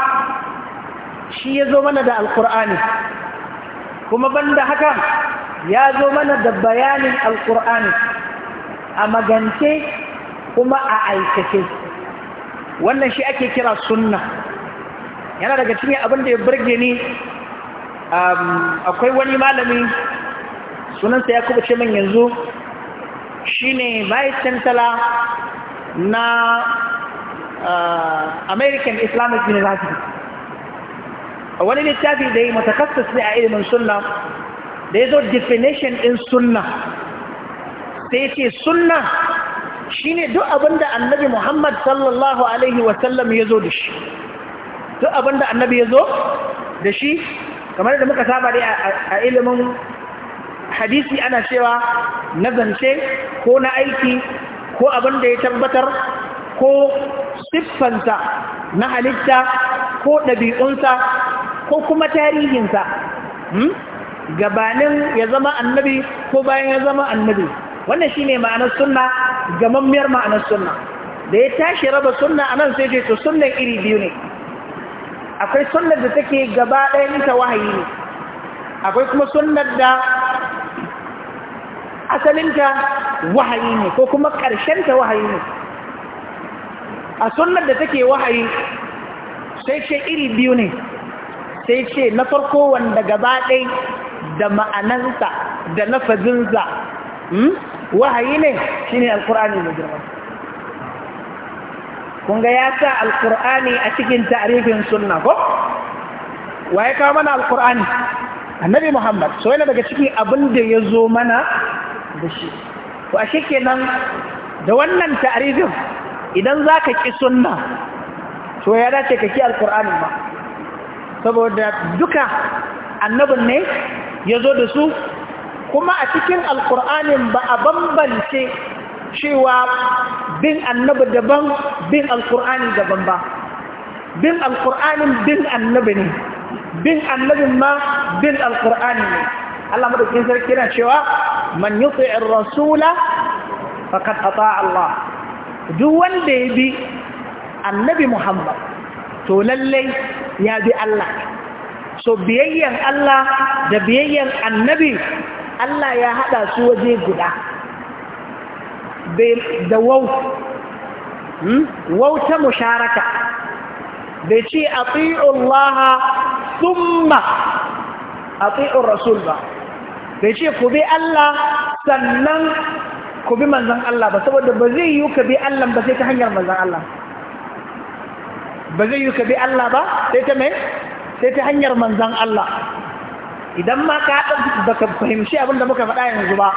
shi ya zo mana da alƙur'ani kuma banda haka ya zo mana da bayanin alƙur'ani a magance kuma a aikace wannan shi ake kira sunna yana daga cikin abin da ya burge ni akwai wani malami sunansa ya kuma ce man yanzu shine vice tala na uh, american islamic university wani littafi da yi matakastas ne a ilimin sunna da ya zo definition in sunna sai ce sunna shine duk abinda annabi muhammad sallallahu alaihi wasallam ya zo da shi duk abinda annabi ya zo da shi kamar da muka saba dai a ilimin hadisi ana cewa na zance ko na aiki ko abin da ya tabbatar ko siffansa na halitta ko ɗabi'unsa ko kuma tarihinsa hmm? gabanin ya zama annabi ko bayan ya zama annabi wannan shi ne ma'anar sunna gamammiyar ma'anar sunna da ya tashi raba sunna a nan sai to sunnan iri biyu ne akwai sunnar da take gaba ɗaya wahayi ne akwai kuma sunnar da asalinta wahayi ne ko kuma ƙarshenta wahayi ne a sunnar da take wahayi sai ce iri biyu ne sai ce na farko wanda gaba ɗai da ma'anansa da nafazinsa hmm, wahayi ne shi ne alkur'ani mai girma kunga ya sa alkur'ani a cikin tarifin sunna ko wa ya kawo mana alkur'ani annabi muhammad so yana daga cikin abin da ya zo mana da shi to ashe kenan da wannan ta'arifin idan za ka ƙi sunna to ya dace ka ƙi Alƙur'ani ba saboda duka annabin ne ya zo da su kuma a cikin alƙur'anin ba a bambance cewa bin annabi daban bin alƙur'ani daban ba bin alƙur'anin bin annabi ne bin annabin ma bin alƙur'ani ne Allah madaukakin sarki yana cewa man yuti'ir rasula faqad ata'a Allah duk wanda ya bi annabi Muhammad to lallai ya bi Allah so biyayyan Allah da biyayyan annabi Allah ya hada su waje guda da wau hmm? wauta musharaka bai ce a Allah summa a rasul ba bai ce ku bi Allah sannan ku bi manzan Allah ba saboda ba zai yi ka bi Allah ba sai ta hanyar manzan Allah ba zai yi ka bi Allah ba sai ta mai sai ta hanyar manzan Allah idan ma ka baka fahimci abin da muka faɗa yanzu ba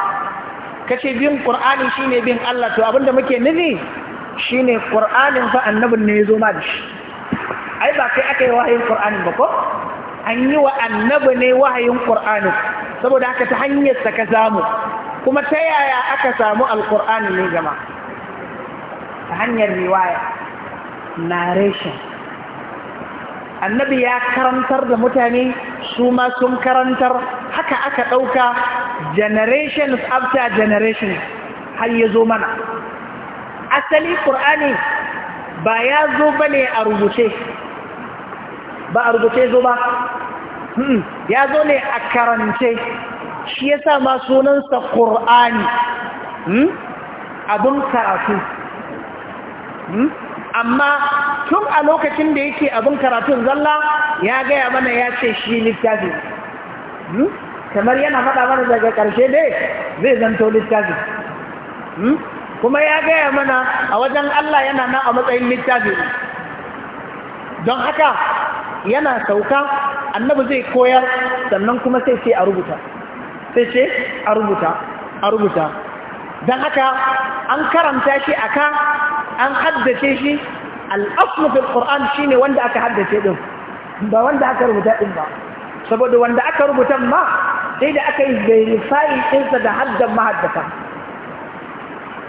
ce bin qur'ani shine bin Allah to abin da muke nufi shine qur'anin fa annabin ne yazo ma da shi ai ba kai aka yi wahayin qur'anin ba ko an yi wa annabi ne wahayin qur'anin saboda haka ta hanyarsa ka samu kuma ta yaya aka samu alkur'ani ne gama ta hanyar riwaya narration annabi ya karantar da mutane su ma sun karantar haka aka ɗauka generations after generations har ya zo mana asali ƙur'ani ba ya zo ba ne a rubuce ba a rubuce zo ba Hmm, ya zo ne a karance shi ya sa ma sunansa ƙur'ani hmm, abin karatu hmm, amma tun a lokacin da yake abin karatun zalla ya gaya mana ya ce shi littafi kamar yana faɗa mana daga ƙarshe dai zai zanto littafi kuma ya gaya mana a wajen Allah yana nan a matsayin littafi don haka yana sauka annabi zai koyar sannan kuma sai ce a rubuta sai ce a rubuta a rubuta don haka an karanta shi a ka an haddace shi al'asufin ƙoran shi ne wanda aka haddace ɗin ba wanda aka rubuta ɗin ba saboda wanda aka rubuta ma sai da aka yi verifayin ɗinsa da haddan mahaddata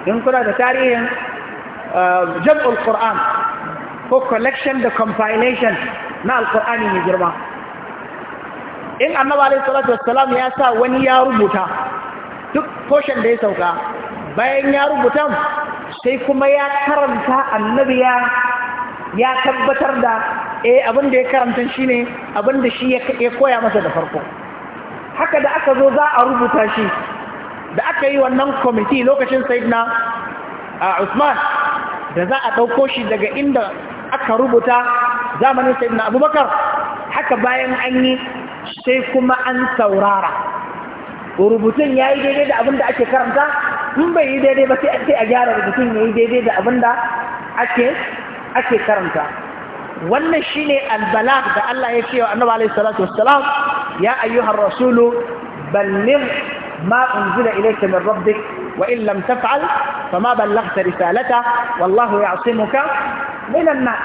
don kuna da tarihin eh, jam'ul ƙoran ko collection da compilation na alkur'ani mai girma in annaba alaihi salatu ya sa wani ya rubuta duk portion da ya sauka bayan ya rubuta sai kuma ya karanta annabi ya tabbatar da eh abin ya karanta shine abin da shi ya koya masa da farko haka da aka zo za a rubuta shi da aka yi wannan kwamiti lokacin sayidina a uh, usman da za a ɗauko shi daga inda aka rubuta zamanin sayyidina abubakar haka bayan an yi sai kuma an saurara rubutun ya yi daidai da abin da ake karanta in bai yi daidai ba sai ake a gyara rubutun ya yi daidai da abin da ake karanta wannan shi ne albalag da Allah ya cewa wa annaba alaihi salatu wassalam ya ayyuhar rasulu balligh ma unzila ilayka min rabbik wa in lam taf'al fama ballaghta risalata wallahu ya'simuka من الماء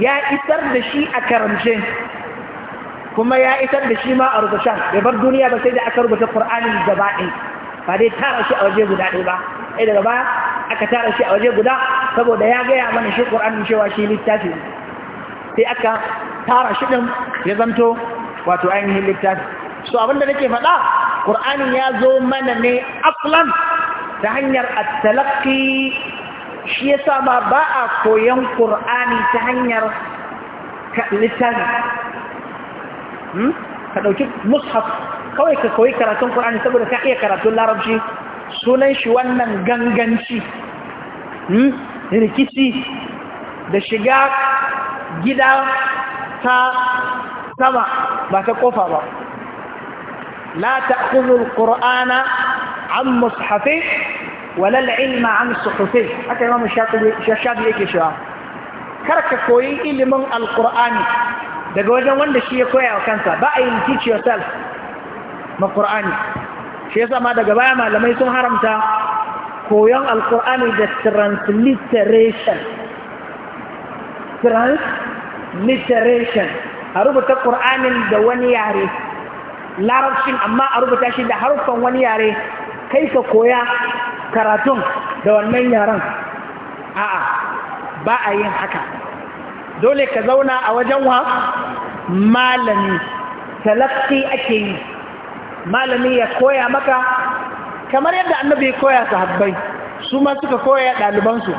يا إتر دشي أكرم جن كما يا إتر دشي ما أرد شان ببر دنيا بس إذا أكرم بس القرآن الجبائي فهذه تارة شيء أرجي بدا إبا إذا ربا أكتارة شيء أرجي بدا فبو دياغي يا من شو القرآن من شو أشي لتاتي في أكا تارة شنم يزمتو واتو أينه لتاتي سو أبن دلك فلا آه، قرآن يازو من أصلا تهنير التلقي shi yasa ba ba a koyon ƙur'ani ta hanyar littafi hmm? ka ɗauki mushaf kawai ka koyi karatun ƙur'ani saboda ka iya karatun larabci sunan shi wannan ganganci hmm? rikici da shiga gida ta sama ba ta kofa ba la ta ƙuzur ƙur'ana an mushafi walal ilma an suhufai haka imam shafi yake cewa kar ka koyi ilimin alqur'ani daga wajen wanda shi ya koya wa kansa ba a yi teach yourself na qur'ani shi yasa ma daga baya malamai sun haramta koyon alqur'ani da transliteration transliteration a rubuta qur'anin da wani yare larabcin amma a rubuta shi da haruffan wani yare kai ka koya karatun da wannan yaran a'a ba a yin haka dole ka zauna a wajen wa malami talaffi ake yi malami ya koya maka kamar yadda annabi ya koya sahabbai su ma suka koya ɗalibansu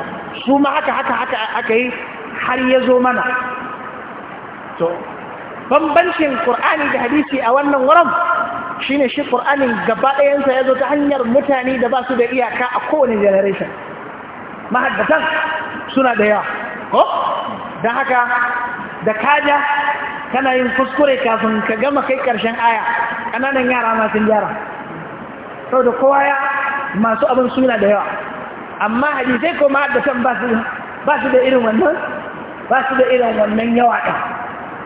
su ma haka haka haka aka yi har ya zo mana to bambancin ƙur'ani da hadisi a wannan wurin shine shi ƙur'anin gaba ɗayansa ya zo ta hanyar mutane da ba su da iyaka a kowane generation mahaddatan suna da yawa ko don haka da kaja kana yin kuskure kafin ka gama kai ƙarshen aya ƙananan yara ma sun sau da kowa ya masu abin suna da yawa amma hadisai ko mahaddatan ba su da irin wannan ba su da irin wannan yawa ɗan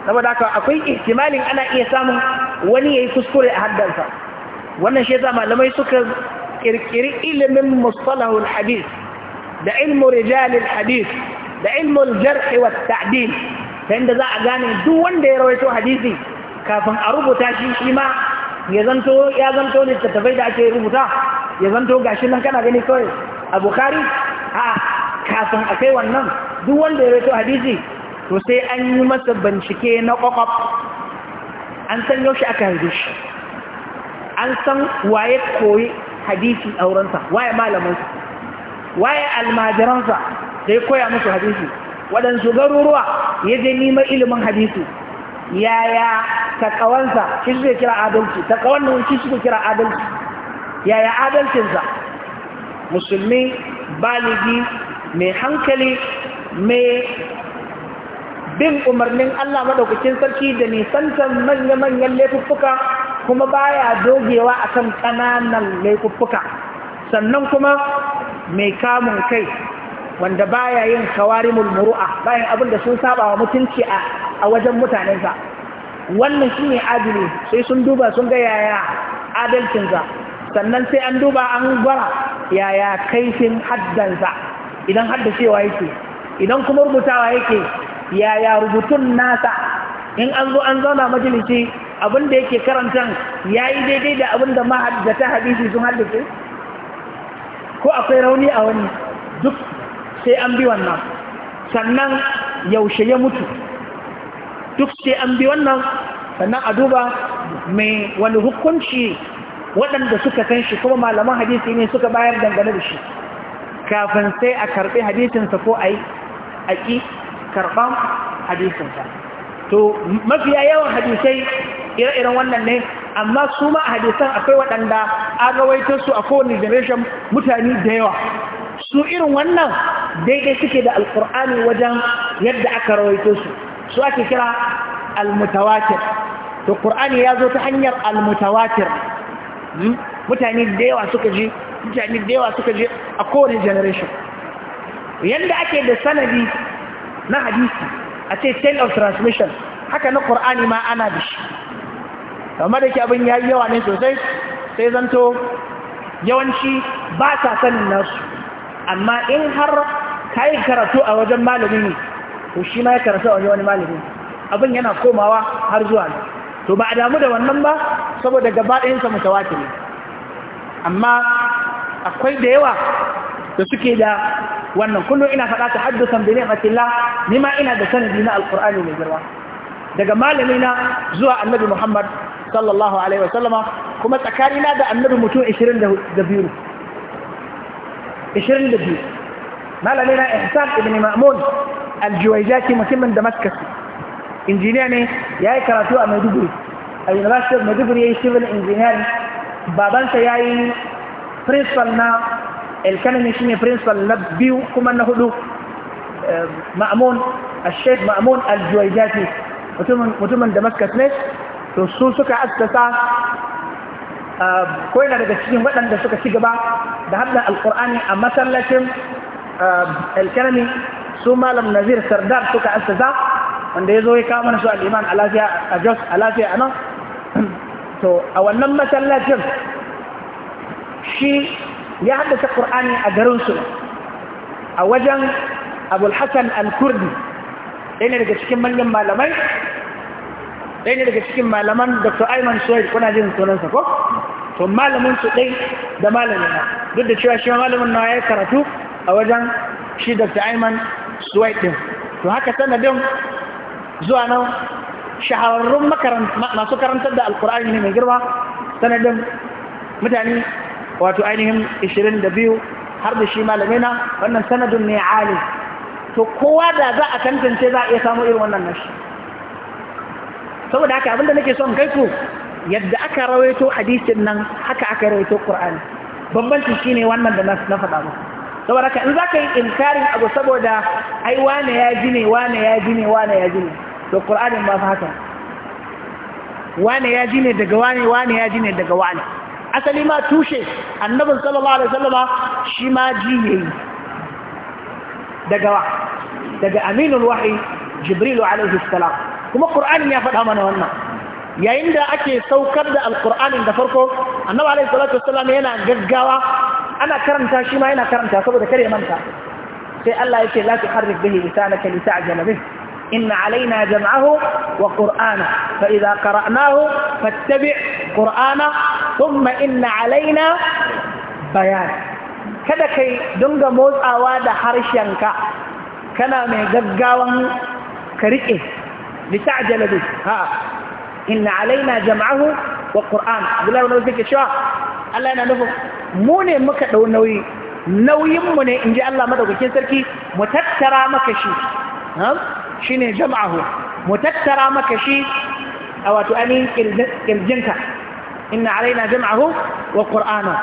saboda haka akwai ihtimalin ana iya samun wani yayi kuskure a haddansa wannan shi yasa malamai suka kirkiri ilimin mustalahul hadith da ilmu rijalil hadith da ilmu al-jarh wa ta'dil inda za a gane duk wanda ya rawaito hadisi kafin a rubuta shi shi ma ya zanto ya zanto littattafai da ake rubuta ya zanto gashi nan kana gani kawai a bukari a kafin a kai wannan duk wanda ya rawaito hadisi to sai an yi masa bincike na ƙwaƙwaf an san yaushe aka haife shi an san waye koyi hadisi a wurinsa waye malamansa waye almajiransa da ya koya musu hadisi waɗansu garuruwa ya je neman ilimin hadisi yaya takawansa shi suke kira adalci takawan nan shi suke kira adalci yaya adalcinsa musulmi baligi mai hankali mai bin umarnin Allah madaukakin sarki da nisantan manya-manyan laifuffuka kuma baya dogewa akan ƙananan laifuffuka sannan kuma mai kamun kai wanda baya yin kawarimul muru'a bayan abin da sun saba wa mutunci a wajen mutanensa wannan shine adili sai sun duba sun ga yaya adalcinsa sannan sai an duba an gwara yaya kaifin haddansa idan haddacewa yake idan kuma rubutawa yake yaya rubutun nasa in an zo an zauna majalisi abin da yake karantan ya yi daidai da abin da ta hadisi sun haddace ko akwai rauni a wani duk sai an bi wannan sannan yaushe ya mutu duk sai an bi wannan sannan a duba mai wani hukunci waɗanda suka san shi kuma malaman hadisi ne suka bayar dangane da shi kafin sai a karɓi hadisinsa ko a yi aƙi karɓan hadisinsa to mafiya yawan hadisai ire-iren wannan ne amma su ma hadisan akwai waɗanda an rawaito su a kowane generation mutane da yawa su irin wannan daidai suke da alkur'ani wajen yadda aka rawaito su su ake kira almutawatir to ƙur'ani ya zo ta hanyar almutawatir hmm? mutane da yawa suka ji mutane da yawa suka ji a kowane generation yadda ake da sanadi na hadisi a ce tale of transmission haka na ƙor'ani ma ana da shi amma da ke abin ya yi yawa ne sosai sai zanto yawanci ba ta sanin nasu amma in har ka yi karatu a wajen malami ne to shi ma ya karatu a wani malami abin yana komawa har zuwa ne to ba a damu da wannan ba saboda gaba ɗayansa ne amma akwai da yawa da suke da wannan kullum ina faɗa ta haddusan bi ni'matillah nima ina da sanadi na alqur'ani mai girma daga malamina zuwa annabi muhammad sallallahu alaihi wasallama kuma tsakanina da annabi mutum 22 22 malami ihsan ibn ma'mun aljuwaijaki mutumin damascus injiniya ne ya yi karatu a maiduguri a university of maiduguri ya yi civil engineering babansa ya yi principal na alkalami shine principal na biyu kuma na hudu ma'amun al-sheikh ma'amun al-juwaijati mutumin damascus ne to su suka assasa ko yana daga cikin waɗanda suka ci gaba da haɗa alƙur'ani a masallacin alkalami su malam nazir sardar suka assasa wanda ya zo ya kama su al'iman a lafiya a jos a lafiya a nan to a wannan masallacin shi ya haddasa ƙur'ani a garinsu a wajen abulhassan al-kurdi ɗaya daga cikin manyan malamai ɗaya daga cikin malaman dr ayman suwaid kuna jin sunansa ko to malamin su ɗai da malamin na duk da cewa shi malamin na ya karatu a wajen shi dr ayman suwaid ɗin to haka sanadin zuwa nan shahararrun masu karantar da Al-Kur'ani ne mai girma sanadin mutane wato ainihin 22 har da shi malamai na wannan sanadin ne ali to kowa da za a tantance za a iya samu irin wannan nashi saboda haka abinda nake son kai ku yadda aka rawaito hadisin nan haka aka rawaito qur'ani bambanci shine wannan da na faɗa ba saboda haka in zaka yi inkarin abu saboda ai wane ya ji ne wane ya ji ne wane ya ji ne to qurani ba fa haka wane ya ji ne daga wane wane ya ji ne daga wane asali ma tushe annabin sallallahu alaihi wasallama shi ma ji yayi daga wa daga aminul wahyi jibrilu alaihi salam kuma qur'ani ya faɗa mana wannan yayin da ake saukar da alqur'anin da farko annabi alaihi salatu wassalam yana gaggawa ana karanta shi ma yana karanta saboda kare manta sai Allah yake la tuharrik bihi lisanaka lita'jala bihi إن علينا جمعه وقرآنه فإذا قرأناه فاتبع قرآنه ثم إن علينا بيان كذا كي دنجا موز آواد حرش ينكا كنا من جبقا وان كريئه لتعجل به ها إن علينا جمعه وقرآن بلا الله ونوزيك شو الله ينفق موني مكت ونوي نوي موني إن جاء الله مدى وكين سركي متترى مكشي ها shine jam'ahu mu tattara maka shi a wato ainihin kirjinka ina alaina jam'ahu wa qur'ana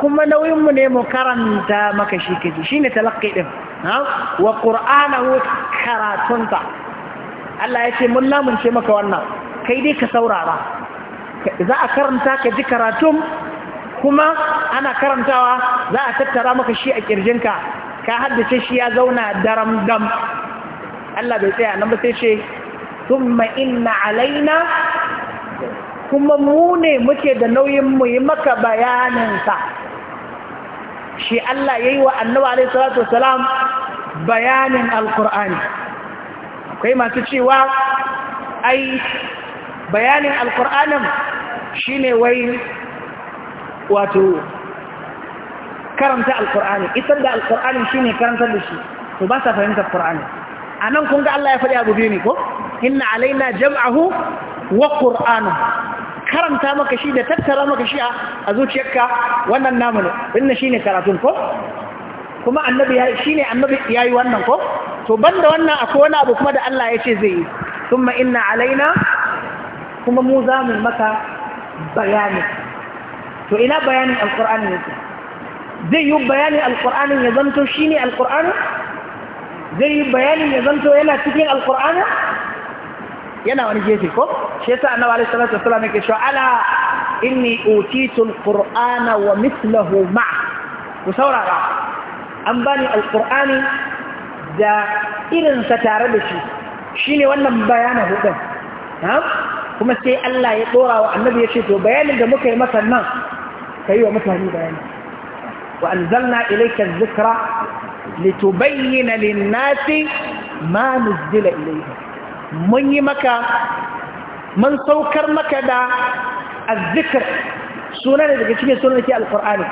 kuma nauyin ne mu karanta maka shi kaji shine talaqqi din wa qur'anahu karatunta Allah ya ce mun lamunce maka wannan kai dai ka saurara za a karanta ka ji karatun kuma ana karantawa za a tattara maka shi a ƙirjinka ka haddace shi ya zauna daram dam Allah bai tsaya nan ba sai ce thumma inna alaina kuma mu ne muke da nauyin mu yi maka bayaninsa shi Allah ya yi wa annabi alaihi salatu wasalam bayanin alkur'ani akwai masu cewa ai bayanin alkur'anin shine wai wato karanta alkur'ani isar da alkur'ani shine karantar da shi to ba sa fahimtar qur'ani a nan kun ga Allah ya faɗi abu biyu ne ko inna alaina jam'ahu wa qur'anu karanta maka shi da tattara maka shi a zuciyarka wannan namu ne wannan shine karatun ko kuma annabi shine annabi yayi wannan ko to banda wannan akwai wani abu kuma da Allah ya ce zai yi thumma inna alaina kuma mu za mu maka bayani to ina bayanin alqur'ani ne zai yi bayanin alqur'ani ya zanto shine alqur'ani zai yi bayanin ya zanto yana cikin alkur'ana yana wani gefe ko shi yasa annabi alaihi salatu wasallam yake cewa ala inni utitu alqur'ana wa mithluhu ma ku saurara an bani alqur'ani da irin sa tare da shi shine wannan bayanin hudun kuma sai Allah ya dora wa annabi ya ce to bayanin da muka yi masa nan kai wa mutane bayani wa anzalna ilayka dhikra litubayyana linnasi ma nuzzila ilayhi mun yi maka mun saukar maka da azzikr sunan da daga cikin sunan ke alqur'ani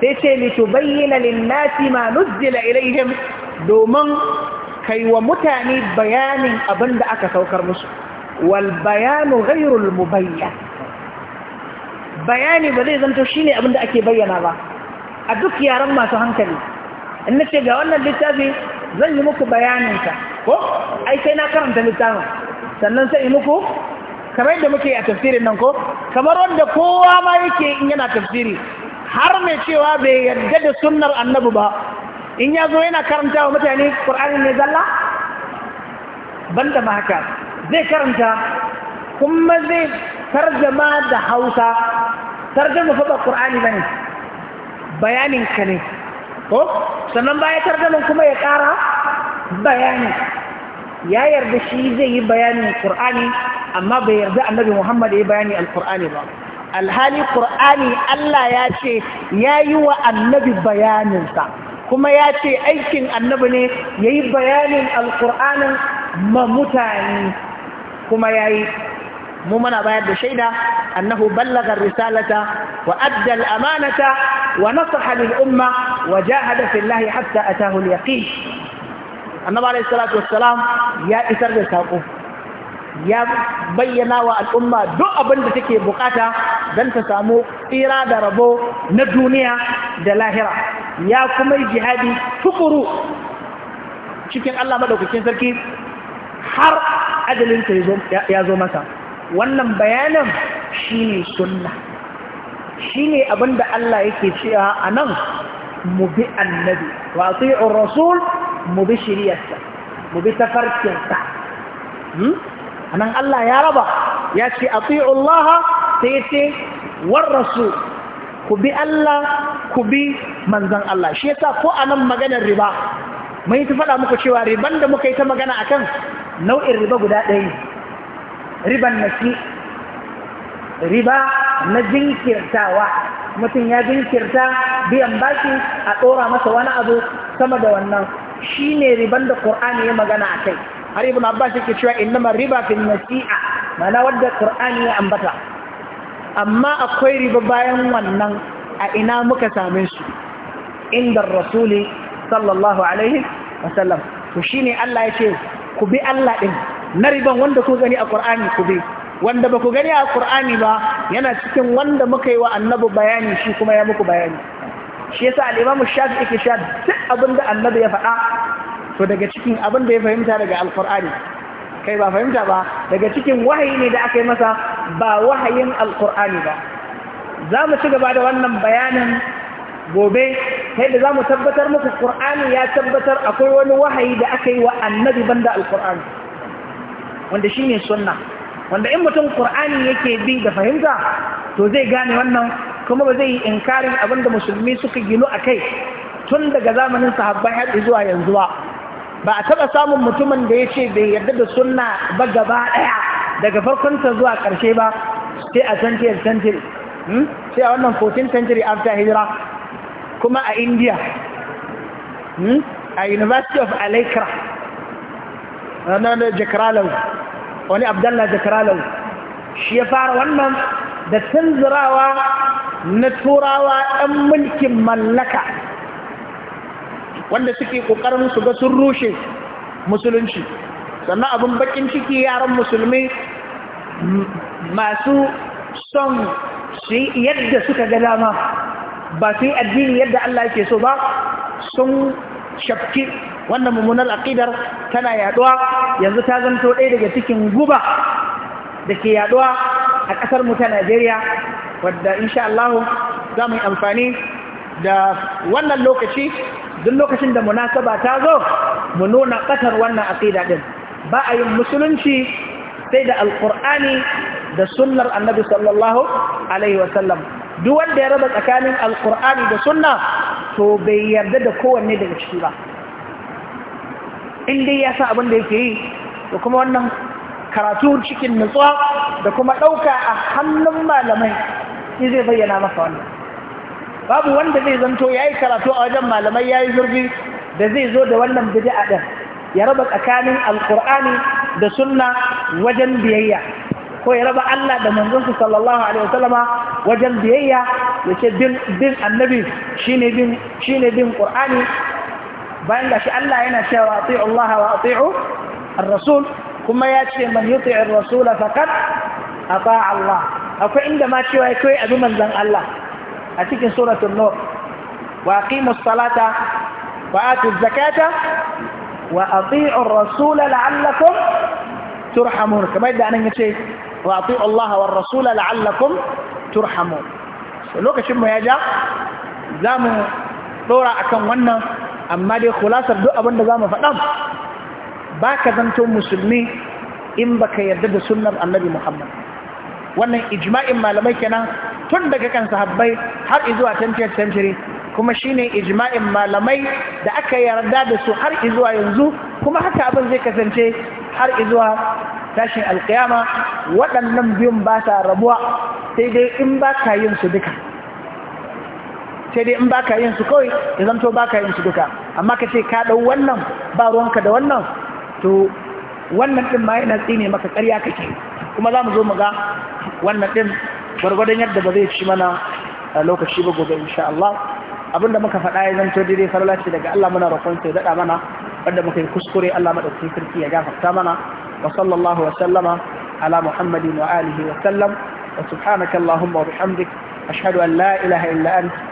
sai ce litubayyana linnasi ma nuzzila ilayhim domin kai wa mutane bayanin abin da aka saukar musu wal bayanu ghayrul mubayyan bayani ba zai zanto shine abin da ake bayyana ba a duk yaran masu hankali in ce ga wannan littafi zan yi muku bayaninsa ko ai sai na karanta littafin sannan sai muku kamar yadda muke a tafsirin nan ko kamar wanda kowa ma yake in yana tafsiri har mai cewa bai yarda da sunnar annabi ba in ya zo yana karanta wa mutane ƙur'ani ne zalla banda ma haka zai karanta kuma zai tarjama da hausa tarjama fa ba ƙur'ani ba ne bayanin ka ne ko sannan baya targanin kuma ya ƙara bayani ya yarda shi zai yi bayanin ƙur'ani amma bai yarda annabi muhammad ya yi bayani alƙur'ani ba alhali ƙur'ani allah ya ce ya yi wa annabi bayaninsa kuma ya ce aikin annabi ne ya yi bayanin alƙur'anin ma mutane kuma ya yi mu muna bayar da shaida annahu ballaga risalata wa adda al-amanata wa nasaha lil umma wa jahada fillahi hatta atahu al-yaqin annabi alayhi salatu wassalam ya isar da sako ya bayyana wa al'umma duk abin da take bukata don ta samu tsira da rabo na duniya da lahira ya kuma yi jihadi tukuru cikin Allah maɗaukacin sarki har adalinta ya zo masa wannan bayanin shine sunna shine abinda Allah yake cewa anan mu bi annabi wa ati'ur rasul mu bi shiriyarsa mu bi tafarkinsa hmm? anan Allah ya raba ya ce ati'u Allah sai ce war rasul ku bi Allah ku bi manzon Allah shi yasa ko anan maganar riba mai ta faɗa muku cewa riban da muka yi ta magana akan nau'in riba guda ɗaya riban riba na jinkirtawa mutum ya jinkirta biyan baki a ɗora masa wani abu sama da wannan shi ne riban da ƙur'ani ya magana a kai har ibn abbas yake cewa innama riba fil nasi'a mana wadda ƙur'ani ya ambata amma akwai riba bayan wannan a ina muka same su inda rasuli sallallahu alaihi wasallam to shine Allah ya ce ku bi Allah din na riban wanda ku gani a Kur'ani ku bi wanda ba ku gani a Kur'ani ba yana cikin wanda muka yi wa annabi bayani shi kuma ya muku bayani shi yasa al-Imam Shafi'i sha duk abin da annabi ya faɗa to daga cikin abin da ya fahimta daga al kai ba fahimta ba daga cikin wahayi ne da aka yi masa ba wahayin Alkur'ani ba za mu ci gaba da wannan bayanin gobe ta yadda za mu tabbatar muku ƙur'ani ya tabbatar akwai wani wahayi da aka yi wa annabi banda al wanda ne sunna wanda in mutum qur'ani yake bi da fahimta to zai gane wannan kuma ba zai yi inkarin da musulmi suka gino a kai tun daga zamanin sahabbai har zuwa yanzu ba ba a taɓa samun mutumin da ya ce bai yarda da sunna ba gaba ɗaya daga farkonta zuwa ƙarshe ba sai a century century hmm? sai a wannan 14th century after hijira kuma a india hmm? a university of alaikra ranar jakralau wani abdallah jakralau shi ya fara wannan da tunzurawa na turawa ɗan mulkin mallaka wanda suke ƙoƙarin su ga sun rushe musulunci sannan abin bakin ciki yaran musulmi masu son su yadda suka ga dama ba su yi addini yadda Allah ke so ba sun shafki wannan mummunar aƙidar tana yaduwa yanzu ta zanto ɗaya daga cikin guba da ke yaɗuwa a ƙasar mu ta Najeriya wadda insha Allah za mu yi amfani da wannan lokaci duk lokacin da munasaba ta zo mu nuna ƙatar wannan aƙida ɗin. ba a yin musulunci sai da alƙur'ani da sunnar annabi sallallahu alaihi wasallam duk wanda ya raba tsakanin alƙur'ani da sunna to bai yarda da kowanne daga ciki ba in dai ya sa abin da yake yi da kuma wannan karatu cikin nutsuwa da kuma ɗauka a hannun malamai in zai bayyana masa wannan babu wanda zai zanto ya yi karatu a wajen malamai ya yi zurfi da zai zo da wannan bidi'a ɗin ya raba tsakanin alkur'ani da sunna wajen biyayya ko ya raba Allah da manzonsa sallallahu alaihi wasallama wajen biyayya ya ce bin annabi shine bin shine bin qur'ani bayan gashi Allah yana cewa ati'u Allah wa ati'u ar-rasul kuma ya ce man yuti'i ar-rasul faqad ata'a Allah akwai inda ma cewa kai abi manzon Allah a cikin suratul nur wa aqimus salata wa atuz zakata wa ati'u ar-rasul la'allakum turhamun kamar da anan yace wa ati'u Allah wa ar-rasul la'allakum turhamun lokacin mu ya ja zamu dora akan wannan amma dai kulasar duk abin da za mu faɗa ba ka zanto musulmi in ba ka yarda da sunnar annabi muhammad wannan ijma'in malamai kenan tun daga kan sahabbai har izuwa 20th century kuma shine ijma'in malamai da aka yarda da su har izuwa yanzu kuma haka abin zai kasance har izuwa tashin alkiyama waɗannan biyun ba sa rabuwa sai dai in ba ka yin su duka sai dai in baka yin su kawai ya zanto baka yin su duka amma ka ce ka ɗau wannan ba ruwanka da wannan to wannan ɗin ma yana tsine maka ƙarya kake kuma za mu zo mu ga wannan ɗin, gwargwadon yadda ba zai ci mana lokaci ba gobe insha Allah abinda muka faɗa ya zanto daidai farla daga Allah muna roƙon sai daɗa mana wanda muka yi kuskure Allah madaukakin sarki ya gafarta mana wa sallallahu wa sallama ala muhammadin wa alihi wa sallam wa subhanaka allahumma wa bihamdik ashhadu an la ilaha illa anta